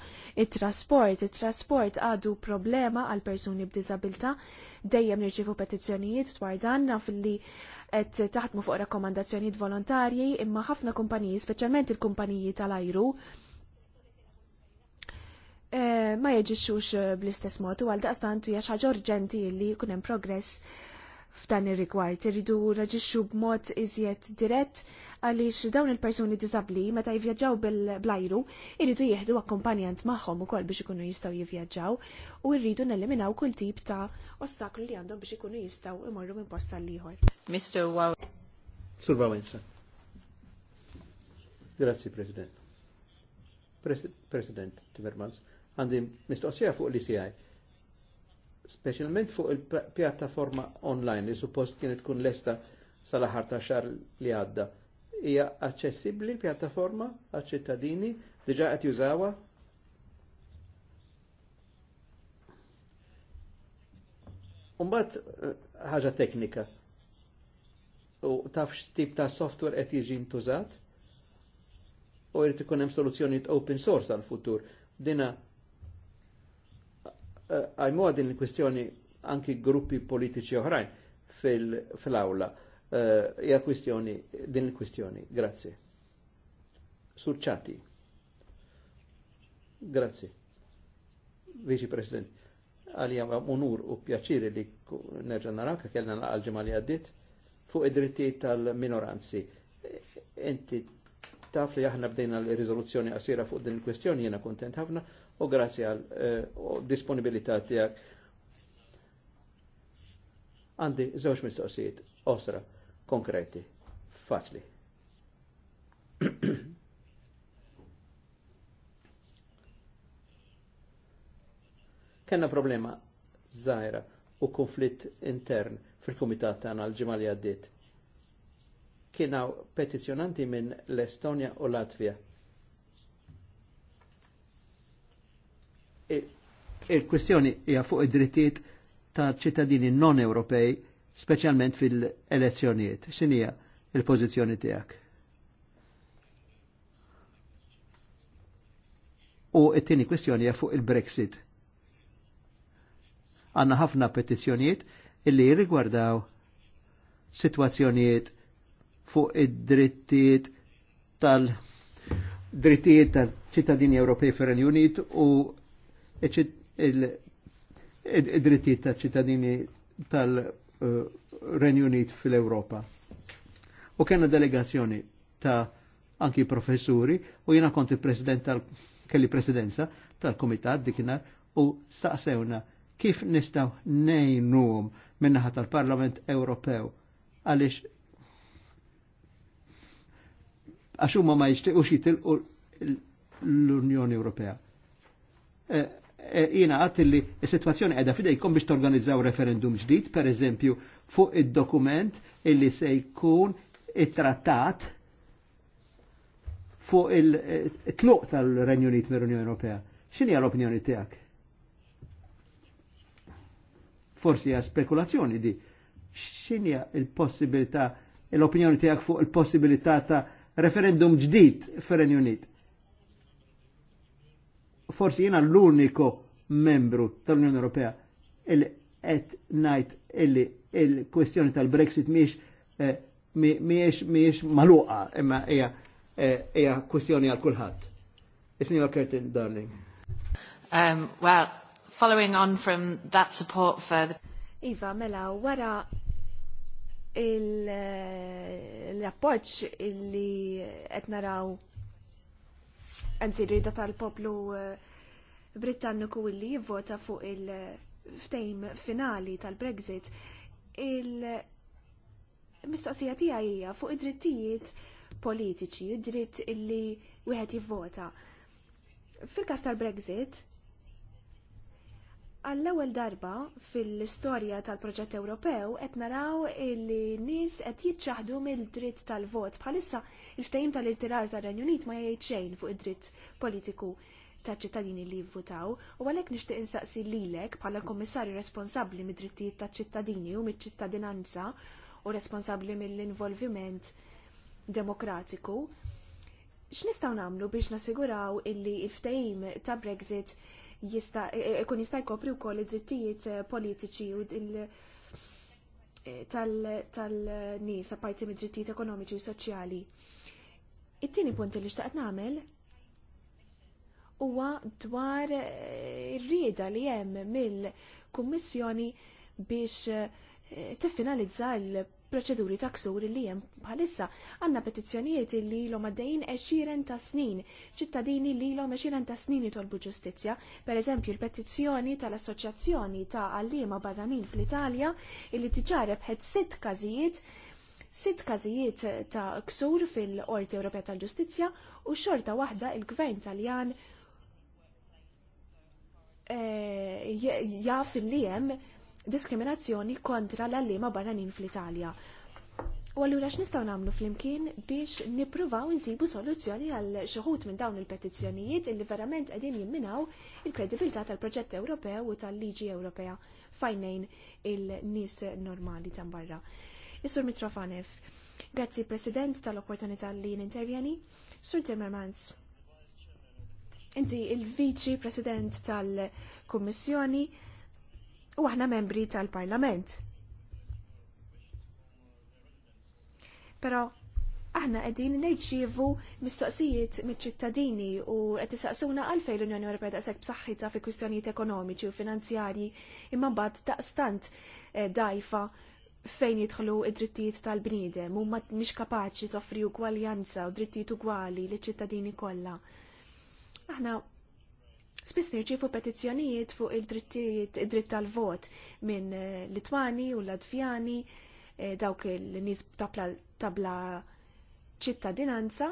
it-trasport. It-trasport għadu problema għal persuni b'diżabilità. Dejjem nirċifu petizzjonijiet dwar dan naf li qed taħdmu fuq rakkomandazzjonijiet volontarji imma ħafna kumpaniji, speċjalment il-kumpaniji tal-ajru, Eh, ma jeġixxux eh, bl-istess mod u għaldaqstant hija xi ħaġa urġenti li jkun hemm progress f'dan ir-rigward. Iridu raġixxu b'mod iżjed dirett għaliex dawn il-persuni diżabbli meta jivvjaġġaw bil-blajru iridu jieħdu akkompanjant magħhom ukoll biex ikunu jistgħu jivvjaġġaw u rridu neliminaw kull tip ta' ostaklu li għandhom biex ikunu jistgħu imorru minn posta liħor. ieħor. Mr. Wow. Sur Wawensa. Grazie President. Pres President Timmermans għandi mistoqsija fuq l-ICI. Specialment fuq il-pjattaforma online li suppost kienet tkun lesta sal ħar ta' xar li għadda. Hija aċċessibbli pjattaforma għal ċittadini diġa qed jużawa? Umbat eh, ħaġa teknika. U taf x'tip ta' software qed jiġi ntużat? U jrid ikun hemm open source għal-futur. Dina Eh, għajmuha din il-kwistjoni anki gruppi politiċi oħrajn fil-awla. Eh, hija uh, kwistjoni, din il-kwistjoni. Grazzi. Surċati. Grazie. Vici President, għalija unur u pjaċiri li nerġa narak, kellna għalġima li għaddit, fuq id-dritti tal-minoranzi. Eh, inti taf li aħna bdejna l-rizoluzzjoni għasira fuq din il kwistjoni jena kontent ħafna, u grazzi għal eh, disponibilità tiegħek. Għandi żewġ mistoqsijiet osra, konkreti, faċli. Kenna problema zaħira u konflitt intern fil-komitat tagħna għal ġimgħa li għaddiet. Kienaw petizjonanti minn l-Estonja u Latvija il-kwestjoni hija fuq id-drittijiet ta' ċittadini non Ewropej, speċjalment fil-elezzjonijiet. X'inhija il-pożizzjoni tiegħek? U t-tieni kwestjoni hija fuq il-Brexit. Għandna ħafna petizzjonijiet illi jirrigwardaw situazzjonijiet fuq id-drittijiet tal- drittijiet tal-ċittadini Ewropej fir Unit u id-drittijiet ta' ċittadini tal-Renju Unit fil-Europa. U kena delegazzjoni ta' anki professuri u jena il president tal kelli presidenza tal-komitat dikinar u staqsewna kif nistaw nejnum minnaħat tal-Parlament Ewropew għalix għaxumma ma jishtiqux jitil l-Unjoni Ewropea. Eh, Eh, jina għat li situazzjoni għedha fidejkom biex torganizzaw referendum ġdid, per eżempju, fuq il-dokument illi se jkun it-trattat fuq il-tluq eh, tal-Renju Unit mill-Unjoni Ewropea. Xini l-opinjoni tiegħek? Forsi hija spekulazzjoni di. X'inhi il-possibilità l-opinjoni tiegħek fuq il-possibilità ta' referendum ġdid fir-Renju Unit? forsi jena l-uniku membru tal-Unjoni Ewropea illi qed ngħid illi l kwestjoni tal-Brexit miex eh, miex miex maluqa imma hija eh, hija kwestjoni għal kulħadd. Is-Sinjor eh, Curtin, darling. Um, well, following on from that support for the... Iva, mela, wara il-rapporċ il eh, li qed naraw għanzi rrida tal-poplu eh, Britanniku li jivvota fuq il-ftejm finali tal-Brexit, il-mistoqsija tija hija fuq id-drittijiet politiċi, id-dritt illi wieħed jivvota. Fil-kas tal-Brexit, Għall-ewwel darba fil-istorja tal-proġett Ewropew qed naraw li nies qed jiċċaħdu mill-dritt tal-vot bħalissa il-ftehim tal-irtirar tar-Renju Unit ma jgħid xejn fuq id-dritt politiku taċ-ċittadini li jivvutaw u għalhekk nixtieq insaqsi lilek bħala kummissarju responsabbli mid-drittijiet taċ-ċittadini u miċ-ċittadinanza u responsabbli mill-involviment demokratiku. X'nistgħu nagħmlu biex nassiguraw illi l-ftehim ta' Brexit jista' e, e, ikun jista' jkopri wkoll id-drittijiet e, politiċi u tal-nies parti mid-drittijiet ekonomiċi u soċjali. It-tieni punt li xtaqt nagħmel huwa dwar ir-rieda li hemm mill-Kummissjoni biex tiffinalizza l proċeduri ta' ksur li jem bħalissa għandna petizzjonijiet li l-om għaddejjin 20 ta' snin, ċittadini li l-om 20 ta' snin jitolbu ġustizzja, per eżempju l-petizzjoni tal-Assoċjazzjoni ta' Allima Barranin fl-Italja illi tiġareb ħed sitt każijiet sitt każijiet ta' ksur fil-Qorti Ewropea tal-Ġustizzja u xorta waħda il-Gvern Taljan eh, jaf li jem diskriminazzjoni kontra l-allima barranin fl-Italja. U għallura x'nistgħu nagħmlu flimkien biex nippruvaw insibu soluzzjoni għal xuħut minn dawn il-petizzjonijiet illi verament qegħdin jimminaw il-kredibilità tal-proġett Ewropew u tal-liġi Ewropea fajnejn il-nies normali tan barra. Is-Sur Mitrofanev, grazzi President tal-opportunità li nintervjeni. Sur Timmermans, inti il-Viċi President tal-Kummissjoni u aħna membri tal-Parlament. Pero aħna qegħdin nirċievu mistoqsijiet miċ-ċittadini u qed isaqsuna għalfejn l-Unjoni Ewropea daqshekk b'saħħitha fi kwistjonijiet ekonomiċi u finanzjarji imma mbagħad daqstant eh, dajfa fejn jidħlu id-drittijiet tal-bniedem u ma mhix kapaċi toffri ugwaljanza u drittijiet ugwali liċ ċittadini kollha. Aħna Spiss nirċievu petizzjonijiet fuq il-drittijiet id-dritt tal-vot minn eh, Litwani u Latvjani eh, dawk il-nies tabla ċittadinanza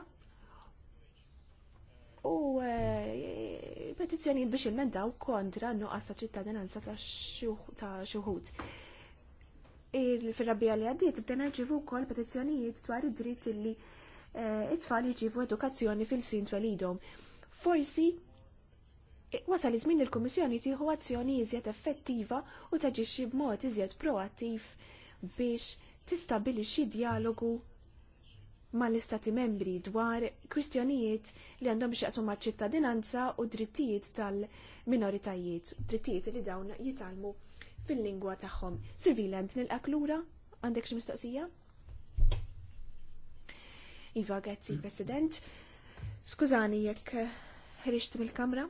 u eh, petizzjonijiet biex il-mendaw kontra nuqqas ta' ċittadinanza ta' xuħut fil-rabbija li għaddiet bdejna ġivu kol petizjonijiet dwar id-dritt li it-tfal jġivu edukazzjoni fil-sin twelidhom. Forsi wasal iż-żmien il-Kummissjoni tieħu azzjoni iżjed effettiva u taġixxi b'mod iżjed proattiv biex tistabilixxi dialogu mal-Istati membri dwar kwistjonijiet li għandhom x'jaqsmu maċ-ċittadinanza u drittijiet tal-minoritajiet, drittijiet li dawn jitalmu fil-lingwa tagħhom. Surveillant nil lura għandek xi mistoqsija? Iva, grazzi, President. Skużani jekk ħriġt mill-kamra.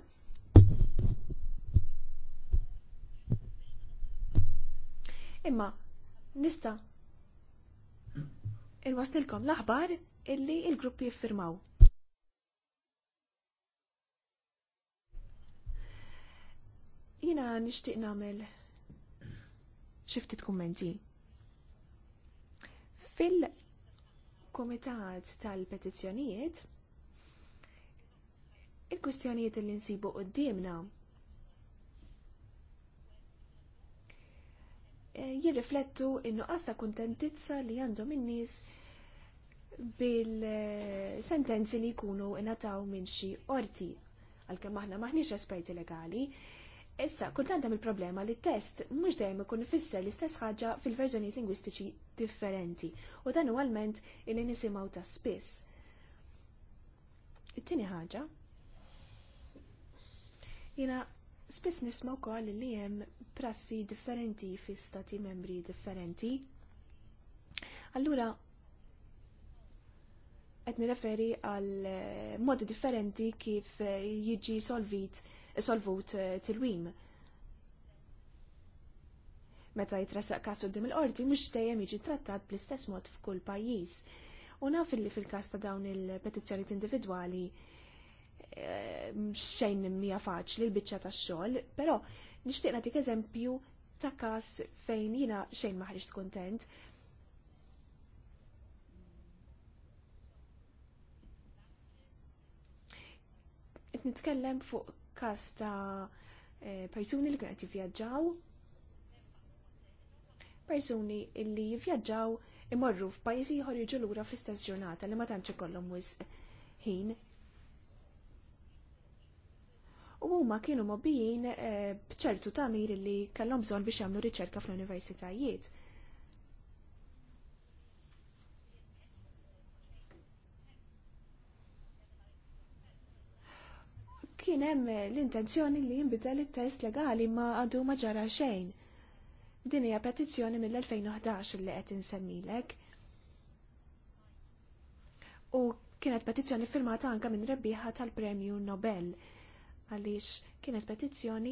imma nista il-waslilkom laħbar illi il-gruppi jiffirmaw. Jina nishtiq namel xiftit kummenti. Fil-komitat tal-petizzjonijiet, il-kustjonijiet li nsibu qoddimna jirriflettu in-nuqqas ta' kuntentizza li għandhom in-nies bil-sentenzi li jkunu ingħataw minn xi qorti għalkemm aħna maħniex esperti legali. Issa, kultant hemm il-problema li t-test mhux dejjem ikun ifisser l-istess ħaġa fil-verżjonijiet lingwistiċi differenti u dan huwa illi nisimgħu ta' spiss. It-tieni ħaġa jiena Spiss nisma' wkoll li hemm prassi differenti fi stati membri differenti. Allura qed nirreferi għal eh, modi differenti kif eh, jiġi solvit solvut eh, tilwim. Meta jitrasaq każ qudiem il-qorti mhux dejjem jiġi trattat bl-istess mod f'kull pajjiż. U naf li fil-każ ta' dawn il-petizzjonijiet individwali xejn mija faċli l-biċċa tax-xogħol, però nixtieq tik eżempju ta' każ fejn jiena xejn ma kontent. kuntent. nitkellem fuq każ ta' eh, persuni li kienu qed jivvjaġġaw persuni li jivvjaġġaw imorru f'pajjiż ieħor jiġu lura fl-istess ġurnata li ma tantx ikollhom wisq ħin u huma kienu mobijin eh, bċertu tamir li kellhom bżonn biex jagħmlu riċerka fl-universitajiet. Kien hemm eh, l-intenzjoni li jinbidel it-test legali ma għadu ma ġara xejn. Din hija petizzjoni mill-2011 li qed insemmilek. U kienet petizzjoni firmata anke minn rebbieħa tal-Premju Nobel għaliex kienet petizzjoni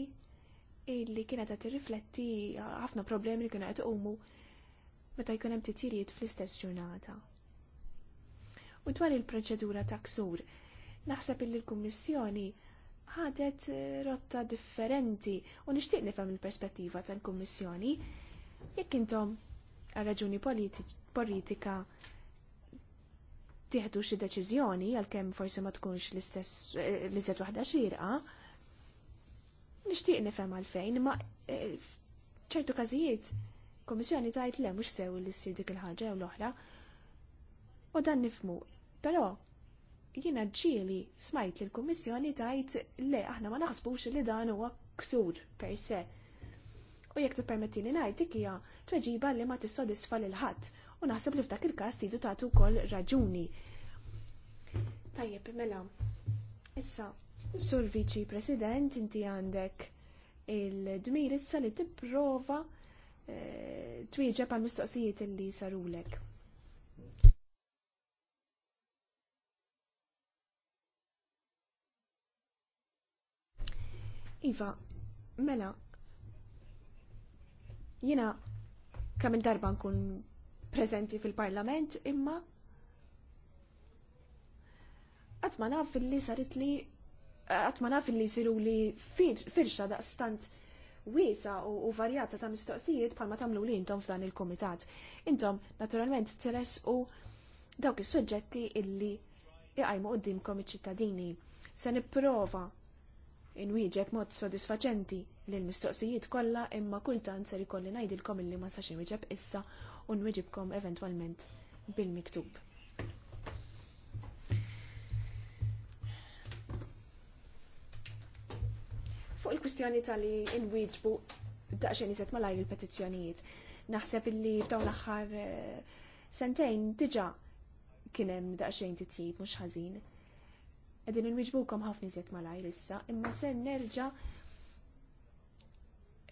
illi kienet qed tirrifletti ħafna problemi li kienu qed umu meta jkun hemm titjiriet fl-istess ġurnata. U dwar il-proċedura ta' ksur, naħseb illi l-Kummissjoni ħadet rotta differenti u nixtieq nifhem il-perspettiva tal-Kummissjoni jekk intom għal raġuni politika tieħdu xi deċiżjoni għalkemm forsi ma tkunx l-istess eh, li set waħda xirqa, nixtieq nifhem għalfejn, ma eh, ċertu każijiet kommissjoni tajt le mhux sew li ssir dik il-ħaġa jew l-oħra. U dan nifmu, però jiena ġieli smajt li l-Kummissjoni tajt le aħna ma naħsbux li dan huwa ksur per se. U jekk tippermettili ngħid dik hija tweġiba li ma tissodisfa lil ħadd u naħseb li f'dak il-każ tidu tagħtu wkoll raġuni. Tajjeb, mela. Issa, sur viċi president inti għandek il-dmir issa li tipprova eh, twieġeb għal mistoqsijiet illi sarulek. Iva, mela, jina kemm il-darba nkun prezenti fil-parlament imma għatma fil-li sarit li għatmana fil-li siru li firxa daqstant wisa u varjata ta' mistoqsijiet palma tamlu li jintom f'dan il-komitat. Intom, naturalment, teres u dawk is-soġġetti illi iqajmu qoddimkom iċ-ċittadini. Se nipprova inwieġeb mod sodisfaċenti l mistoqsijiet kollha imma kultant ser ikolli ngħidilkom illi ma sax inwieġeb issa u nwiġibkom eventwalment bil-miktub. Fuq il-kwistjoni tal-li nwieġbu daqxen jizet malaj il-petizzjonijiet, naħseb illi f'dawn l-axħar eh, sentejn diġa kienem daqxen titjib mux ħażin. Edin kom ħafna jizet malajr issa, imma sen nerġa'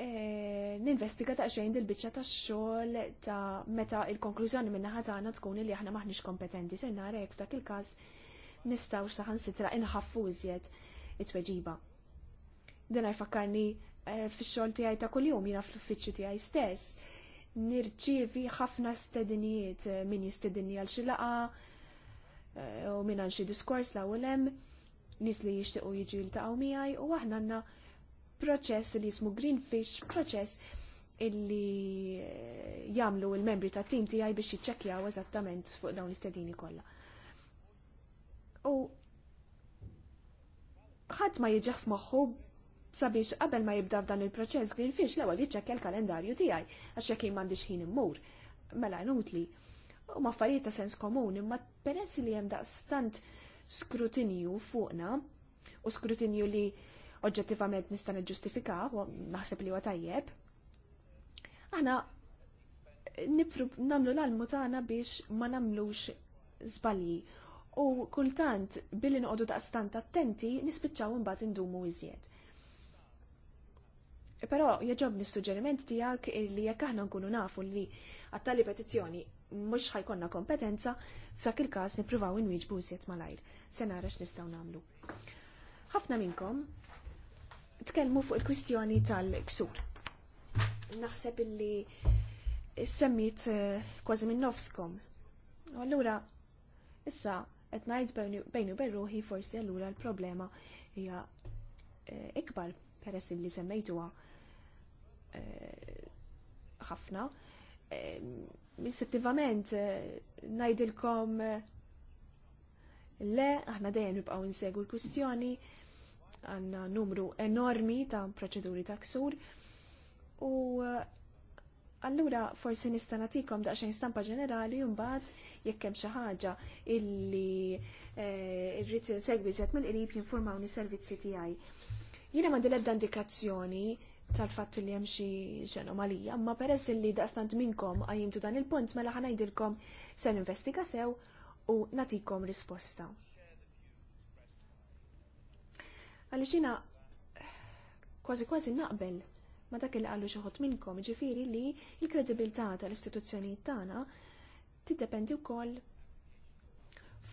Eh, ninvestiga ta' xejn dil-biċċa tax-xogħol ta' meta il-konklużjoni minn naħa tagħna tkun li aħna maħniex kompetenti se nara f'dak il-każ nistgħu saħan sitra inħaffu iżjed it-tweġiba. Din jfakkarni eh, fix-xogħol tiegħi ta' kuljum jiena fl-uffiċċju tiegħi stess nirċievi ħafna stedinijiet eh, min jistedinni għal xi laqa u minn xi diskors l-ewwel hemm nies li jixtiequ jiġu jiltaqgħu miegħi u aħna għandna proċess li jismu Greenfish, proċess illi eh, jamlu il-membri ta' tim tijaj biex jiċċekjaw eżattament fuq dawn l-istedini kollha. U ħadd ma jiġi f'moħħu sabiex qabel ma jibda f'dan il-proċess Greenfish l-ewwel jiċċekkja l-kalendarju tiegħi għax jekk m'għandix ħin immur. Mela inutli. U affarijiet ta' sens komuni, imma peress li hemm daqstant skrutinju fuqna u skrutinju li oġġettivament nista' niġġustifika u naħseb li huwa tajjeb. Aħna nifru nagħmlu l-almu tagħna biex ma nagħmlux żbalji u kultant billi noqogħdu daqstant attenti nispiċċaw imbagħad indumu iżjed. Però jaġobni suġġeriment tiegħek li jekk aħna nkunu nafu li għat-tali petizzjoni mhux ħajkonna kompetenza, f'dak il każ nippruvaw inwieġbu iżjed malajr. Se nara x'nistgħu nagħmlu. ħafna minkom nitkellmu fuq il-kwistjoni tal-ksur. Naħseb illi semmit eh, kważi minn nofskom. U allura, issa, qed ngħid bejnu berruħi forsi allura l-problema hija eh, ikbar peress illi semmejtuha eh, ħafna. Mistettivament, ngħidilkom le, aħna dejjem nibqgħu nsegwu l-kwistjoni, għanna numru enormi ta' proċeduri ta' ksur u eh, allura forsi nista' nagħtikom daqsxejn stampa ġenerali mbagħad jekk hemm xi ħaġa illi eh, rrid insegwi żed mill-qrib jinformawni servizzi tiegħi. Jiena m'għandi l-ebda indikazzjoni tal-fatt li hemm xi anomalija, imma peress li daqstant minnkom għajimtu dan il-punt mela ħanajdilkom se ninvestiga sew u natikom risposta. Għaliex jiena kważi kważi naqbel ma dak li qalu xoħot minnkom, ġifiri li l-kredibilità tal-istituzzjonijiet tagħna tiddependi wkoll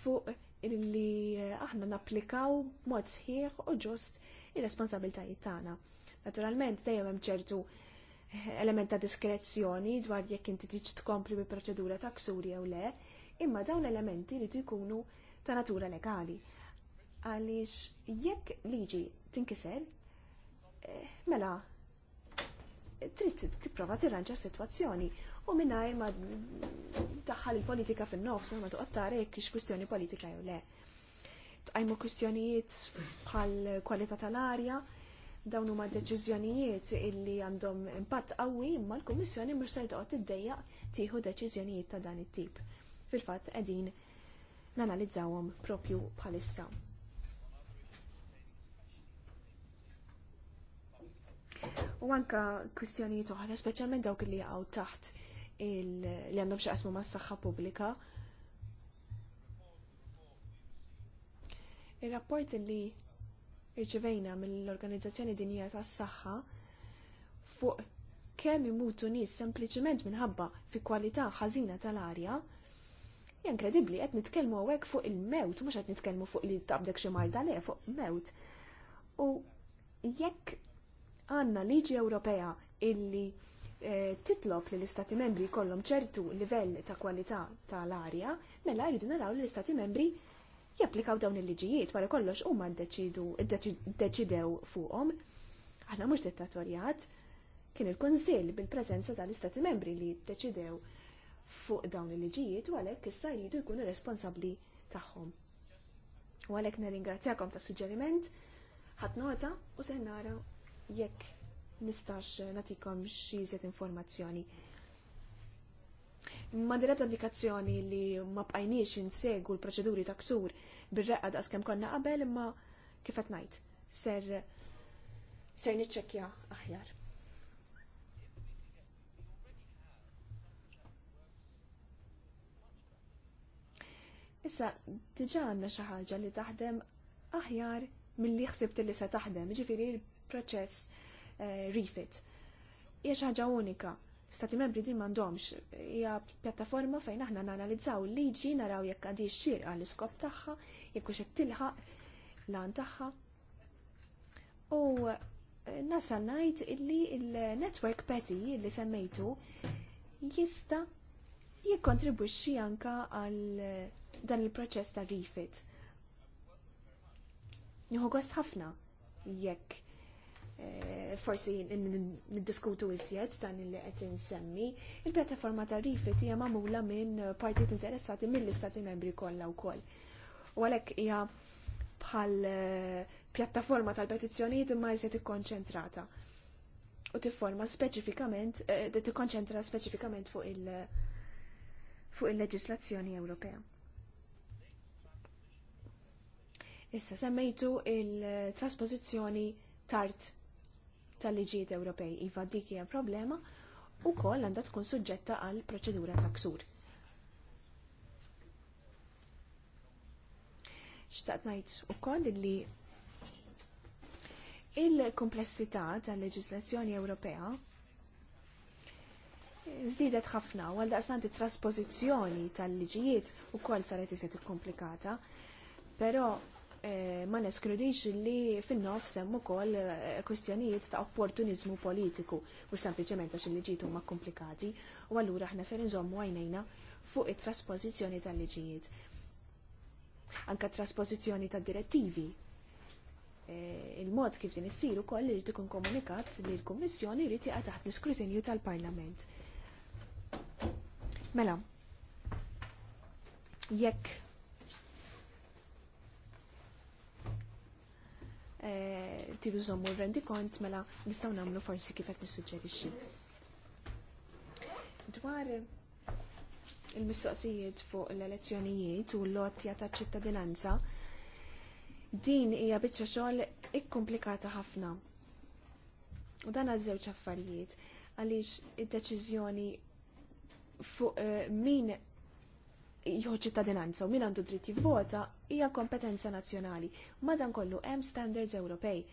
fuq li aħna napplikaw mod sħiħ u ġust ir-responsabiltajiet tagħna. Naturalment dejjem hemm ċertu element ta' diskrezzjoni dwar jekk inti tiġ tkompli bi proċedura ta' ksuri jew le, imma dawn l-elementi li jkunu ta' natura legali għaliex jekk liġi tinkiser, eh, mela trid tipprova tirranġa s-sitwazzjoni u mingħajr ma daħħal il-politika fin-nofs ma toqgħod tara jekk hix kwistjoni politika jew le. Tqajmu kwistjonijiet bħal kwalità tal-arja, dawn huma deċiżjonijiet illi għandhom impatt qawwi imma l-Kummissjoni mhux se toqgħod tiddejjaq tieħu deċiżjonijiet ta' dan it-tip. Fil-fatt qegħdin nanalizzawhom propju bħalissa. U anka kwistjonijiet oħra, speċjalment dawk li jaqgħu taħt li għandhom xi qasmu mas-saħħa pubblika. Ir-rapport li irċivejna mill-Organizzazzjoni Dinjija tas-Saħħa fuq kemm imutu nies sempliċement minħabba fi kwalità ħażina tal-arja, hija inkredibbli qed nitkellmu hawnhekk fuq il-mewt mhux qed nitkellmu fuq li tabdek xi marda le fuq mewt. U jekk għanna liġi Ewropea illi eh, titlob li l-Istati membri jkollhom ċertu livell ta' kwalità tal-arja, mela jridu naraw li l-Istati membri japplikaw dawn il-liġijiet wara kollox huma ddeċidew fuqhom. Aħna mhux dittatorjat, kien il-Kunsill bil-preżenza tal-Istati membri li ddeċidew fuq dawn il-liġijiet u għalhekk issa jridu jkunu responsabbli tagħhom. U għalhekk nirringrazzjakom tas suġġeriment, ħadd nota u se naraw jekk nistax natikom xi informazzjoni. Ma direb indikazzjoni li ma bqajniex insegu l-proċeduri ta' ksur bir-reqqa daqs kemm konna qabel imma kif qed ngħid ser ser niċċekkja aħjar. Issa, diġa għanna xaħġa li taħdem aħjar mill-li xsibt li se taħdem, ġifiri proċess eh, refit. Hija xi ħaġa unika. Stati membri din m'għandhomx. Hija pjattaforma fejn aħna nanalizzaw liġi naraw jekk għandi xirqa għall iskop tagħha, jekk hux tilħa l lan tagħha. U eh, nasa ngħid illi l-network peti li semmejtu jista' jikkontribwixxi anke għal eh, dan il-proċess ta' refit. Nieħu gost ħafna jekk Eh, forsi niddiskutu iżjed dan li qed insemmi, il-pjattaforma ta' rifit hija magħmula minn partit interessati mill-istati membri kollha wkoll. U għalhekk hija bħal pjattaforma tal-petizzjonijiet imma jżed ikkonċentrata u tifforma speċifikament, tikkonċentra speċifikament fuq il- fuq il-leġislazzjoni Ewropea. Issa semmejtu il trasposizjoni tard tal-liġijiet Ewropej iva dik hija problema u koll għandha tkun suġġetta għal proċedura ta' ksur. Xtaqt ngħid ukoll li il-komplessità tal leġiżlazzjoni Ewropea Zdidet ħafna, għal daqsnanti trasposizjoni tal-liġijiet u kol saret isitu komplikata, pero Eh, ma neskludix li fin-nof semmu kol eh, kwistjonijiet ta' opportunizmu politiku, u sempliciment għax il liġijiet huma komplikati, u allura aħna ser nżommu għajnejna fuq it-trasposizjoni tal-liġijiet. Anka trasposizjoni ta' direttivi. Eh, il-mod kif din issir ukoll irid ikun komunikat li l-Kummissjoni jrid jaqa' taħt l-iskrutinju tal-Parlament. Mela, jekk Eh, tidu zommu rendi kont mela nistaw namlu forsi kif qed nissuġġerixxi. Dwar il-mistoqsijiet fuq l-elezzjonijiet u l-lotja ta' ċittadinanza, din hija biċċa xogħol ikkomplikata ħafna. U dan għal żewġ affarijiet għaliex id-deċiżjoni fuq eh, min jħu ċittadinanza u min għandu dritti jivvota hija kompetenza nazzjonali. kollu hemm standards Ewropej.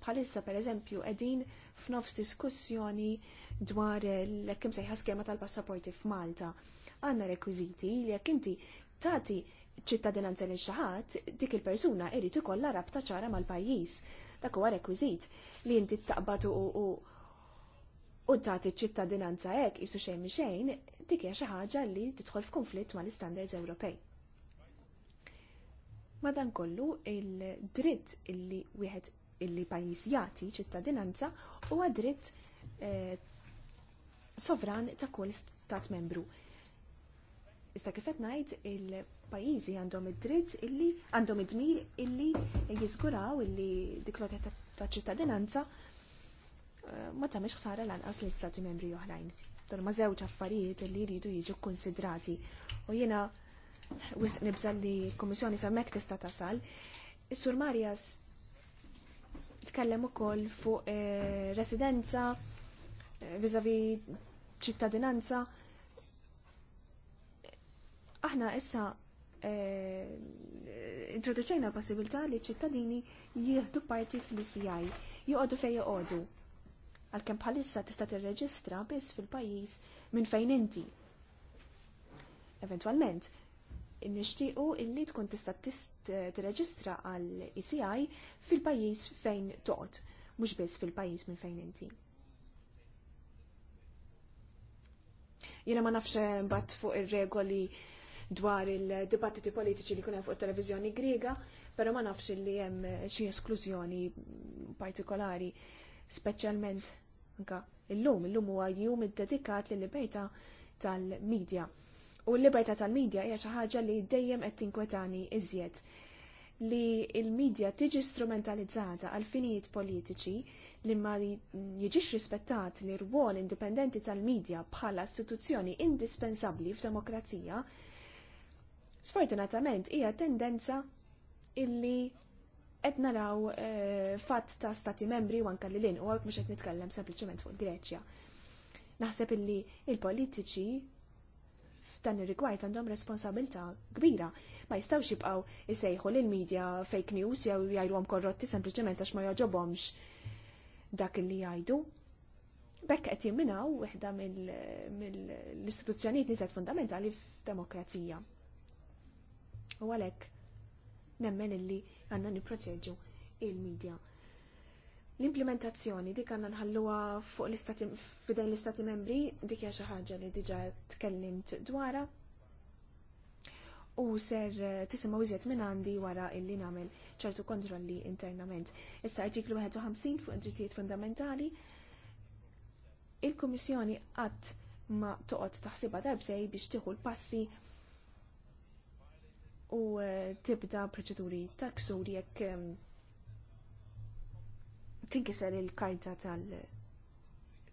Bħalissa pereżempju qegħdin f'nofs diskussjoni dwar l-ekkim sejħa skema tal-passaporti f'Malta. Għandna rekwiżiti li jekk inti tagħti ċittadinanza lil xi ħadd, dik il-persuna jrid ikollha rabta ċara mal-pajjiż. Dak huwa rekwiżit li inti taqbad u u tagħti ċittadinanza hekk isu xejn xejn dik hija xi ħaġa li tidħol f'konflitt mal-istandards Ewropej. Madankollu il-dritt illi wieħed illi pajjiż jagħti ċittadinanza huwa dritt eh, sovran ta' kull stat membru. Iżda kif qed ngħid il-pajjiżi għandhom id-dritt illi għandhom id-dmir illi jiżguraw illi dik ta' ċittadinanza eh, ma tagħmilx ħsara lanqas l istati membri oħrajn. Dan ma żewġ affarijiet li jridu jiġu konsidrati. U jiena wisq nibżal li l-Kummissjoni tista' tasal. Is-Sur Marjas tkellem ukoll fuq eh, residenza eh, vizavi ċittadinanza. Aħna issa eh, introduċejna l-possibilità li ċittadini jieħdu parti fl ci joqogħdu fejn juqodu għalkemm bħalissa tista' tirreġistra biss fil-pajjiż minn fejn inti. Eventwalment, nixtiequ illi tkun tista' tirreġistra għal ECI fil-pajjiż fejn toqgħod, mhux biss fil-pajjiż minn fejn inti. Jiena ma nafx mbagħad fuq ir-regoli dwar il-dibattiti politiċi li kunem fuq televizjoni griega, pero ma nafx li hemm xi esklużjoni partikolari speċjalment anka illum, illum huwa jum iddedikat lil libertà tal-medja. U l-libertà tal-medja hija xi ħaġa li dejjem qed tinkwetani iżjed li l-medja tiġi strumentalizzata għal finijiet politiċi li ma jiġix rispettat li rwol indipendenti tal-medja bħala istituzzjoni indispensabbli f'demokrazija, sfortunatament hija tendenza illi qed naraw eh, fatt ta' stati membri u anke lin u għalhekk mhux qed nitkellem sempliċement fuq Greċja. Naħseb illi il-politiċi f'dan ir-rigward għandhom responsabilità kbira. Ma jistgħux jibqgħu isejħu lil media fake news jew jgħidhom korrotti sempliċement għax ma jogħġobhomx dak li jgħidu. Bekk qed jimminaw weħda mill-istituzzjonijiet li fundamentali f'demokrazija. U għalhekk nemmen illi għanna nipproteġu il-medja. L-implementazzjoni dik għandna nħalluha fuq l-istati fidejn l-istati membri dik hija xi ħaġa li diġà tkellimt dwarha u ser eh, tisimgħu użiet minn għandi wara illi nagħmel ċertu kontrolli internament. Issa artiklu 51 fuq id-drittijiet fundamentali il-Kummissjoni qatt ma toqgħod taħsibha darbtej biex tieħu l-passi u eh, tibda proċeduri ta' ksur jekk tinkiser il-karta tal-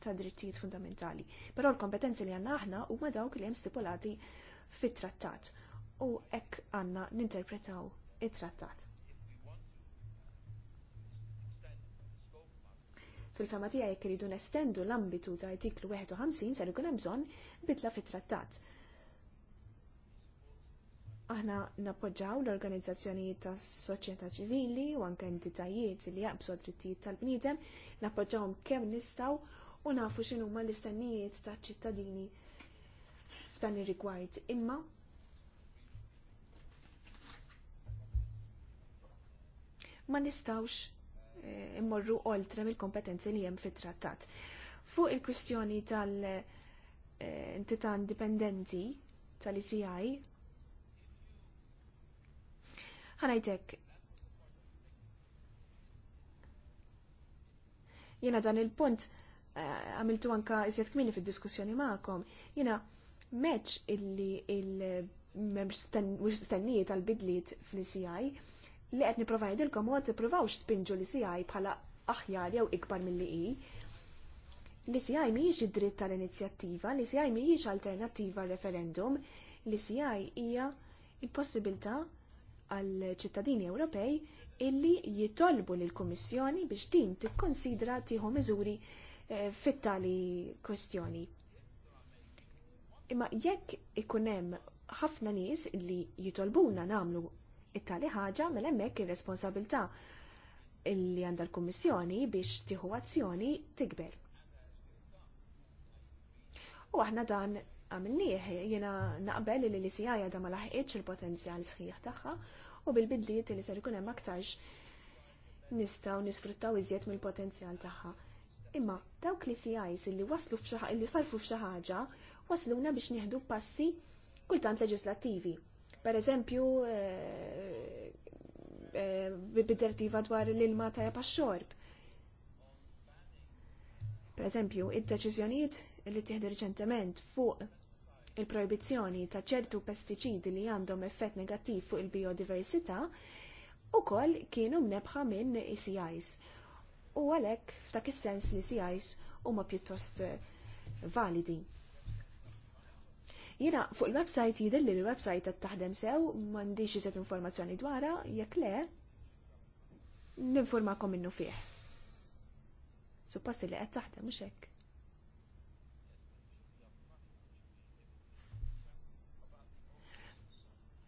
ta' drittijiet fundamentali. Però l-kompetenzi li għanna aħna huma dawk li hemm stipulati fit-trattat u hekk għandna ninterpretaw it-trattat. Fil-fema tiegħek iridu nestendu l-ambitu ta' artiklu 51 sa' jkun hemm bżonn bidla fit-trattat Aħna nappoġġaw l-organizzazzjonijiet ta' soċjetà ċivili u anke entitajiet li jaqbżu drittijiet tal-bniedem, nappoġġawhom kemm nistgħu u nafu x'inhuma l-istennijiet taċ ċittadini f'dan ir-rigward. Imma ma nistgħux eh, immorru oltre mill-kompetenzi li hemm fit-trattat. Fuq il-kwistjoni tal-entità eh, indipendenti tal-ICI, ħanajtek. Jena dan il-punt eh, għamiltu anka iżjed kmini fil-diskussjoni ma'kom. Jena meċ illi il-stennijiet għal-bidliet fl-CI li qed niprovajdilkom u għad tippruvawx tpinġu l CI bħala aħjar jew ikbar mill-li i. l CI mhijiex id-dritt tal-inizjattiva, li CI mhijiex alternattiva referendum, l CI hija il-possibilità għal ċittadini Ewropej illi jitolbu lill kummissjoni biex din tikkonsidra tieħu miżuri eh, fit-tali kwestjoni. Imma jekk ikun hemm ħafna nies li jitolbuna nagħmlu it-tali ħaġa mela hemmhekk ir-responsabilità li għandha l-Kummissjoni biex tieħu azzjoni tikber. U aħna dan għamilnieh jiena naqbel li l sijaja da ma laħqitx il-potenzjal sħiħ tagħha u bil-bidliet li ser ikun hemm aktarx nistgħu nisfruttaw iżjed mill-potenzjal tagħha. Imma dawk li CIs illi waslu f'xi illi sarfu f'xi ħaġa wasluna biex nieħdu passi kultant leġislattivi. Per eżempju, eh, eh, bid-direttiva dwar l-ilma ta' xorb. Per eżempju, id-deċiżjonijiet li tieħdu riċentement fuq il-proibizzjoni ta' ċertu pestiċidi li għandhom effett negattiv fuq il-biodiversità koll kienu mnebħa minn ECIs. U għalhekk f'dak is-sens li e CIs huma pjuttost eh, validi. Jiena fuq il-website jidher li l-website qed taħdem sew m'għandix iżet informazzjoni dwarha jekk le ninformakom minnu fih. Supposti li qed taħdem mhux hekk.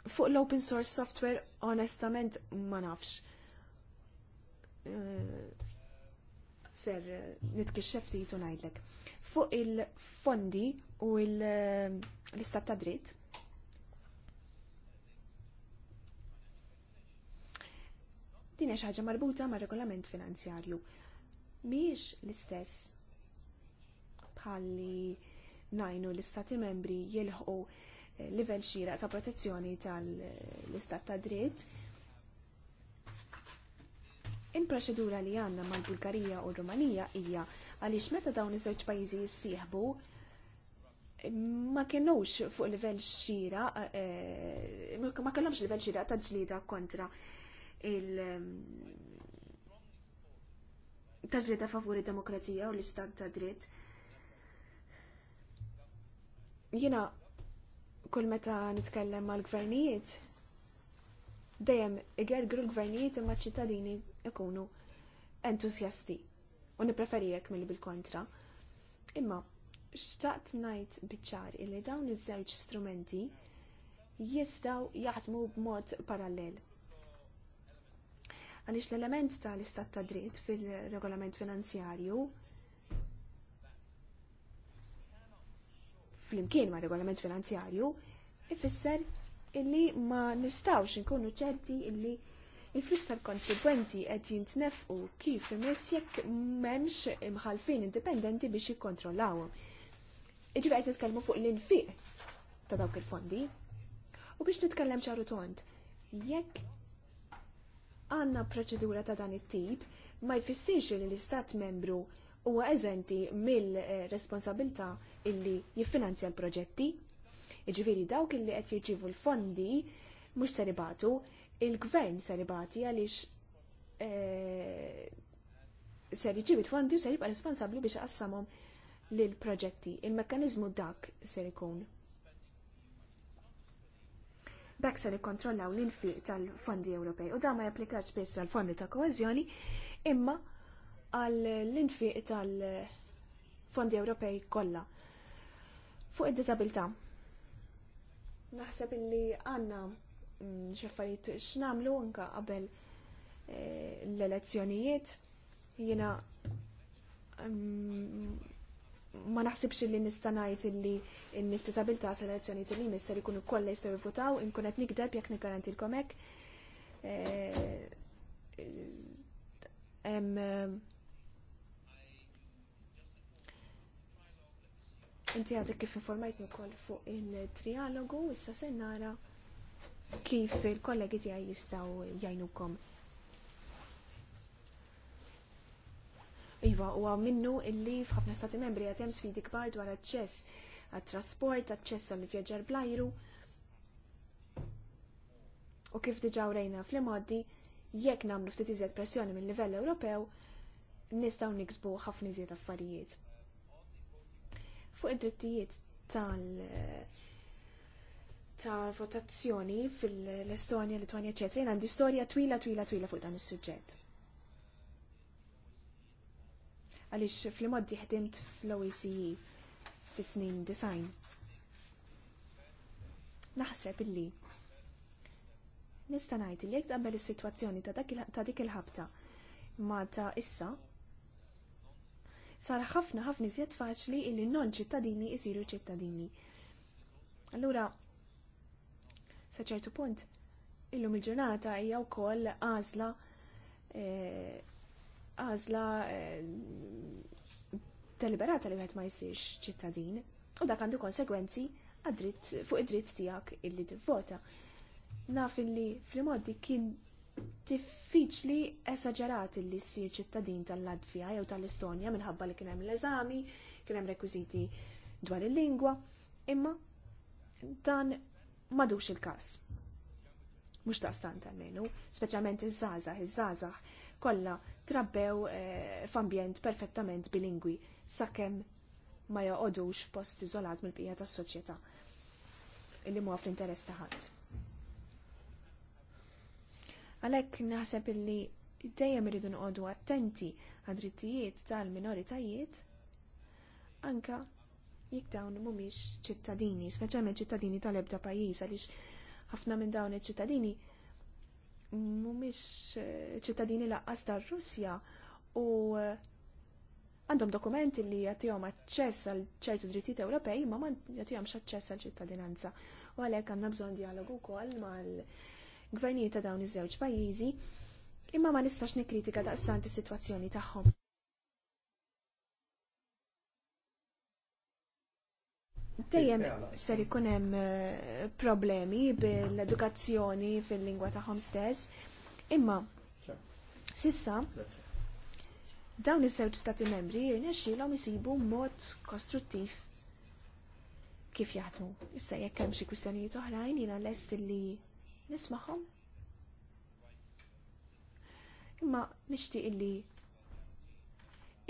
Fuq l-open source software, onestament, ma nafx. Eh, ser, eh, nitkixxef ftit u ngħidlek. Fuq il-fondi u eh, l-istat ta' dritt, din hija ħaġa marbuta mar regolament finanzjarju. Mhijiex l-istess bħalli najnu l-istati membri jilħqu livell xira ta' protezzjoni tal-istat ta' dritt. Il-proċedura li għandna mal-Bulgarija u Rumanija hija għaliex meta dawn iż-żewġ pajjiżi jissieħbu ma kienux fuq livell xira, eh, ma kellhomx livell xira ta' ġlida kontra il- eh, ta' ġlida favuri demokrazija u l-istat ta' dritt. Jiena kull meta nitkellem mal gvernijiet dejjem igergru l-gvernijiet imma ċittadini ikunu entuzjasti u nipreferijek mill bil-kontra. Imma xtaqt najt biċċar illi dawn iż-żewġ strumenti jistaw jaħdmu b'mod parallel. Għaliex l-element tal-istat ta' dritt fil-regolament finanzjarju flimkien ma' regolament finanzjarju ifisser illi ma nistawx nkunu ċerti illi il-flus tal-kontribwenti qed jintnefqu kif imiss jekk m'hemmx imħalfin indipendenti biex jikkontrollawhom. Iġi qed nitkellmu fuq l-infiq ta' dawk il-fondi. U biex nitkellem ċaru tont, jekk għandna proċedura ta' dan it-tip, ma jfissirx li l-istat membru huwa eżenti mill-responsabilta' illi jiffinanzja l-proġetti, iġviri dawk illi qed jirċivu l-fondi mhux saribatu, il-gvern saribati għaliex eh, ser jġib l fondi u ser jibqa' responsabbli biex qassamhom lil proġetti. Il-mekkaniżmu dak ser ikun. Dak ser ikkontrollaw l-infiq tal-fondi Ewropej u dan ma japplikax spiss għall fondi ta' koeżjoni imma għall infiq tal-fondi Ewropej kollha. Fuq id-disabilità. Naħseb illi għanna mm, xaffariet x'namlu anka qabel eh, l-elezzjonijiet jiena mm, ma naħsibx li nista' ngħid illi n-nies b'diżabilità sa elezzjonijiet li misser ikunu kollha jistgħu jivvutaw inkun qed nikdeb jekk nikkarantilkom hekk. Eh, eh, Inti għadek kif informajtni wkoll fuq il-trialogu, issa se nara kif il-kollegi tiegħi jistgħu jajnukom. Iva, huwa minnu illi f'ħafna stati membri għad hemm sfidi kbar dwar aċċess għat-trasport, aċċess għal vjagġar blajru. U kif diġà rejna fl-imoddi, jekk nagħmlu ftit iżjed pressjoni mill-livell Ewropew, nistgħu niksbu ħafna iżjed affarijiet fuq id-drittijiet tal- ta' votazzjoni fil-Estonja, Litwanja, eccetera, Jena għandi storja twila twila twila fuq dan is-suġġett. Għaliex fil-moddi ħdimt fl oece fil snin design. Naħseb illi nista' ngħid li jekk qabel is-sitwazzjoni ta' dik il-ħabta ma ta' issa sar ħafna ħafna iżjed faċli illi non ċittadini jisiru ċittadini. Allura, sa ċertu punt, illum il-ġurnata hija wkoll għażla eh, għażla eh, deliberata li wieħed ma jsirx ċittadin u dak għandu konsegwenzi fuq id-dritt tiegħek illi tivvota. Naf illi fl-modi kien diffiċli esagerat li ssir ċittadin tal-Latvija jew tal-Estonja minħabba li kien hemm l-eżami, kien hemm rekwiżiti dwar il-lingwa, imma dan madux il-każ. Mhux daqstant almenu, speċjalment iż-żgħażagħ, iż-żgħażagħ kollha trabbew eh, f'ambjent perfettament bilingwi sakemm ma joqogħdux f'post iżolat mill-bqija tas-soċjetà illi huwa fl-interess ta' ħadd. Għalhekk naħseb illi dejjem iridu noqogħdu attenti għad-drittijiet tal-minoritajiet anka jekk dawn mhumiex ċittadini, speċjalment ċittadini tal-ebda pajjiż għaliex ħafna minn dawn iċ-ċittadini mhumiex eh, ċittadini laqqas tar-Russja u eh, għandhom dokumenti li jagħtihom aċċess għal ċertu drittijiet Ewropej, imma ma jagħtihomx aċċess għal ċittadinanza. U għalhekk għandna bżonn dialogu wkoll mal gvernijiet ta' dawn iż-żewġ pajjiżi, imma ma nistax nikkritika daqstant is-sitwazzjoni tagħhom. Dejjem ser ikun hemm eh, problemi bil-edukazzjoni fil-lingwa tagħhom stess, imma sissa dawn iż-żewġ stati membri jirnexxielhom isibu mod kostruttiv kif jaħdmu. Issa jekk hemm xi kwistjonijiet oħrajn jiena lest li nismaħom. Imma nixtieq illi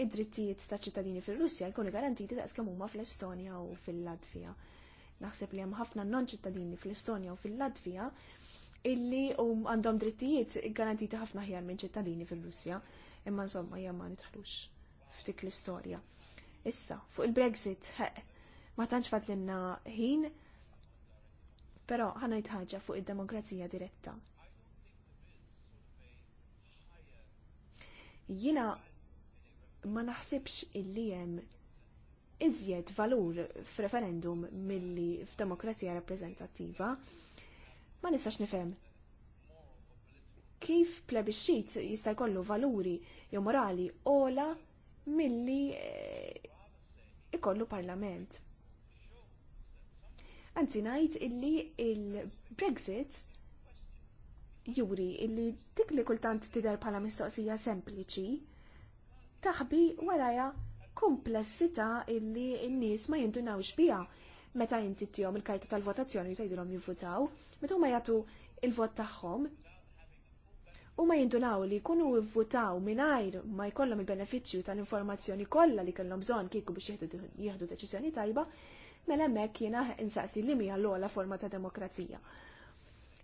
id-drittijiet ta' ċittadini fir-Russja jkunu garantiti daqs kemm huma fl-Estonja u fil-Latvija. Naħseb li hemm ħafna non-ċittadini fl-Estonja u fil-Latvija illi għandhom drittijiet garantiti ħafna ħjar minn ċittadini fil-Russja, imma insomma ma nitħlux ftik l-istorja. Issa, fuq il-Brexit, ma tantx fadlinna ħin, Però ħanajt ħaġa fuq id-demokrazija diretta. Jina ma naħsibx illi hemm iżjed valur f'referendum milli f'demokrazija rappreżentattiva. Ma nistax nifhem kif plebisċit jista' jkollu valuri jew morali ola milli eh, ikollu parlament. Anzi ngħid illi il-Brexit juri illi dik li kultant tidher bħala mistoqsija sempliċi taħbi waraja komplessità illi n-nies ma jindunawx biha meta jinti tihom il-karta tal-votazzjoni jtajdilhom jivvutaw, meta huma jagħtu il-vot tagħhom u ma jindunaw li jkunu votaw mingħajr ma jkollhom il benefiċċju tal-informazzjoni kollha li kellhom bżonn kieku biex jieħdu deċiżjoni tajba, mela hemmhekk jiena insaqsi li mija l-ogħla forma ta' demokrazija.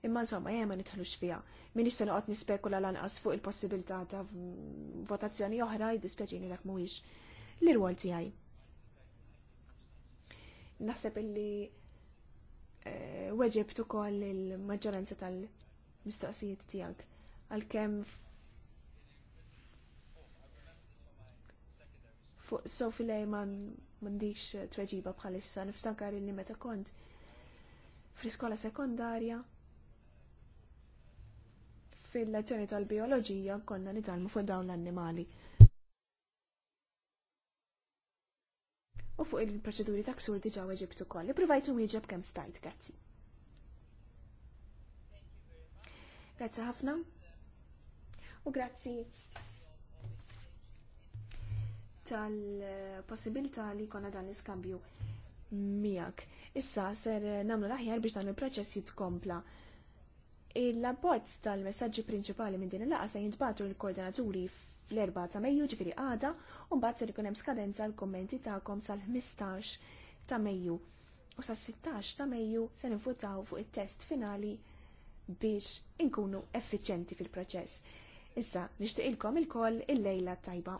Imma insomma jgħem ma nidħlux fiha. Minix se noqgħod nispekula lanqas fuq il-possibilità ta' votazzjoni oħra jiddispjaċini dak mhuwiex. L-irwol tiegħi. Naħseb illi eh, weġibt ukoll il-maġġoranza tal-mistoqsijiet tiegħek għalkemm fuq Sophie Lehman m'għandix eh, treġiba bħalissa niftakar li meta kont fl-iskola sekondarja fil-lezzjoni tal-bioloġija konna nitalmu fuq dawn l-annimali. U fuq il-proċeduri ta' ksur diġa weġibtu koll. Iprovajtu wieġeb kemm stajt, grazzi. Grazzi ħafna. U grazzi tal-possibilità li jkollna dan l-iskambju miegħek. Issa ser nagħmlu l-aħjar biex dan il-proċess jitkompla. Il-abbozz tal-messaġġi prinċipali minn din il laqgħa se jintbagħtu l-koordinaturi fl-4 ta' Mejju ġifieri għada u mbagħad ser ikun hemm skadenza l-kummenti tagħkom sal-15 ta' Mejju. U sas-16 ta' Mejju se nivvutaw fuq it-test finali biex inkunu effiċjenti fil-proċess. Issa, nixtieqilkom ilkoll il-lejla tajba.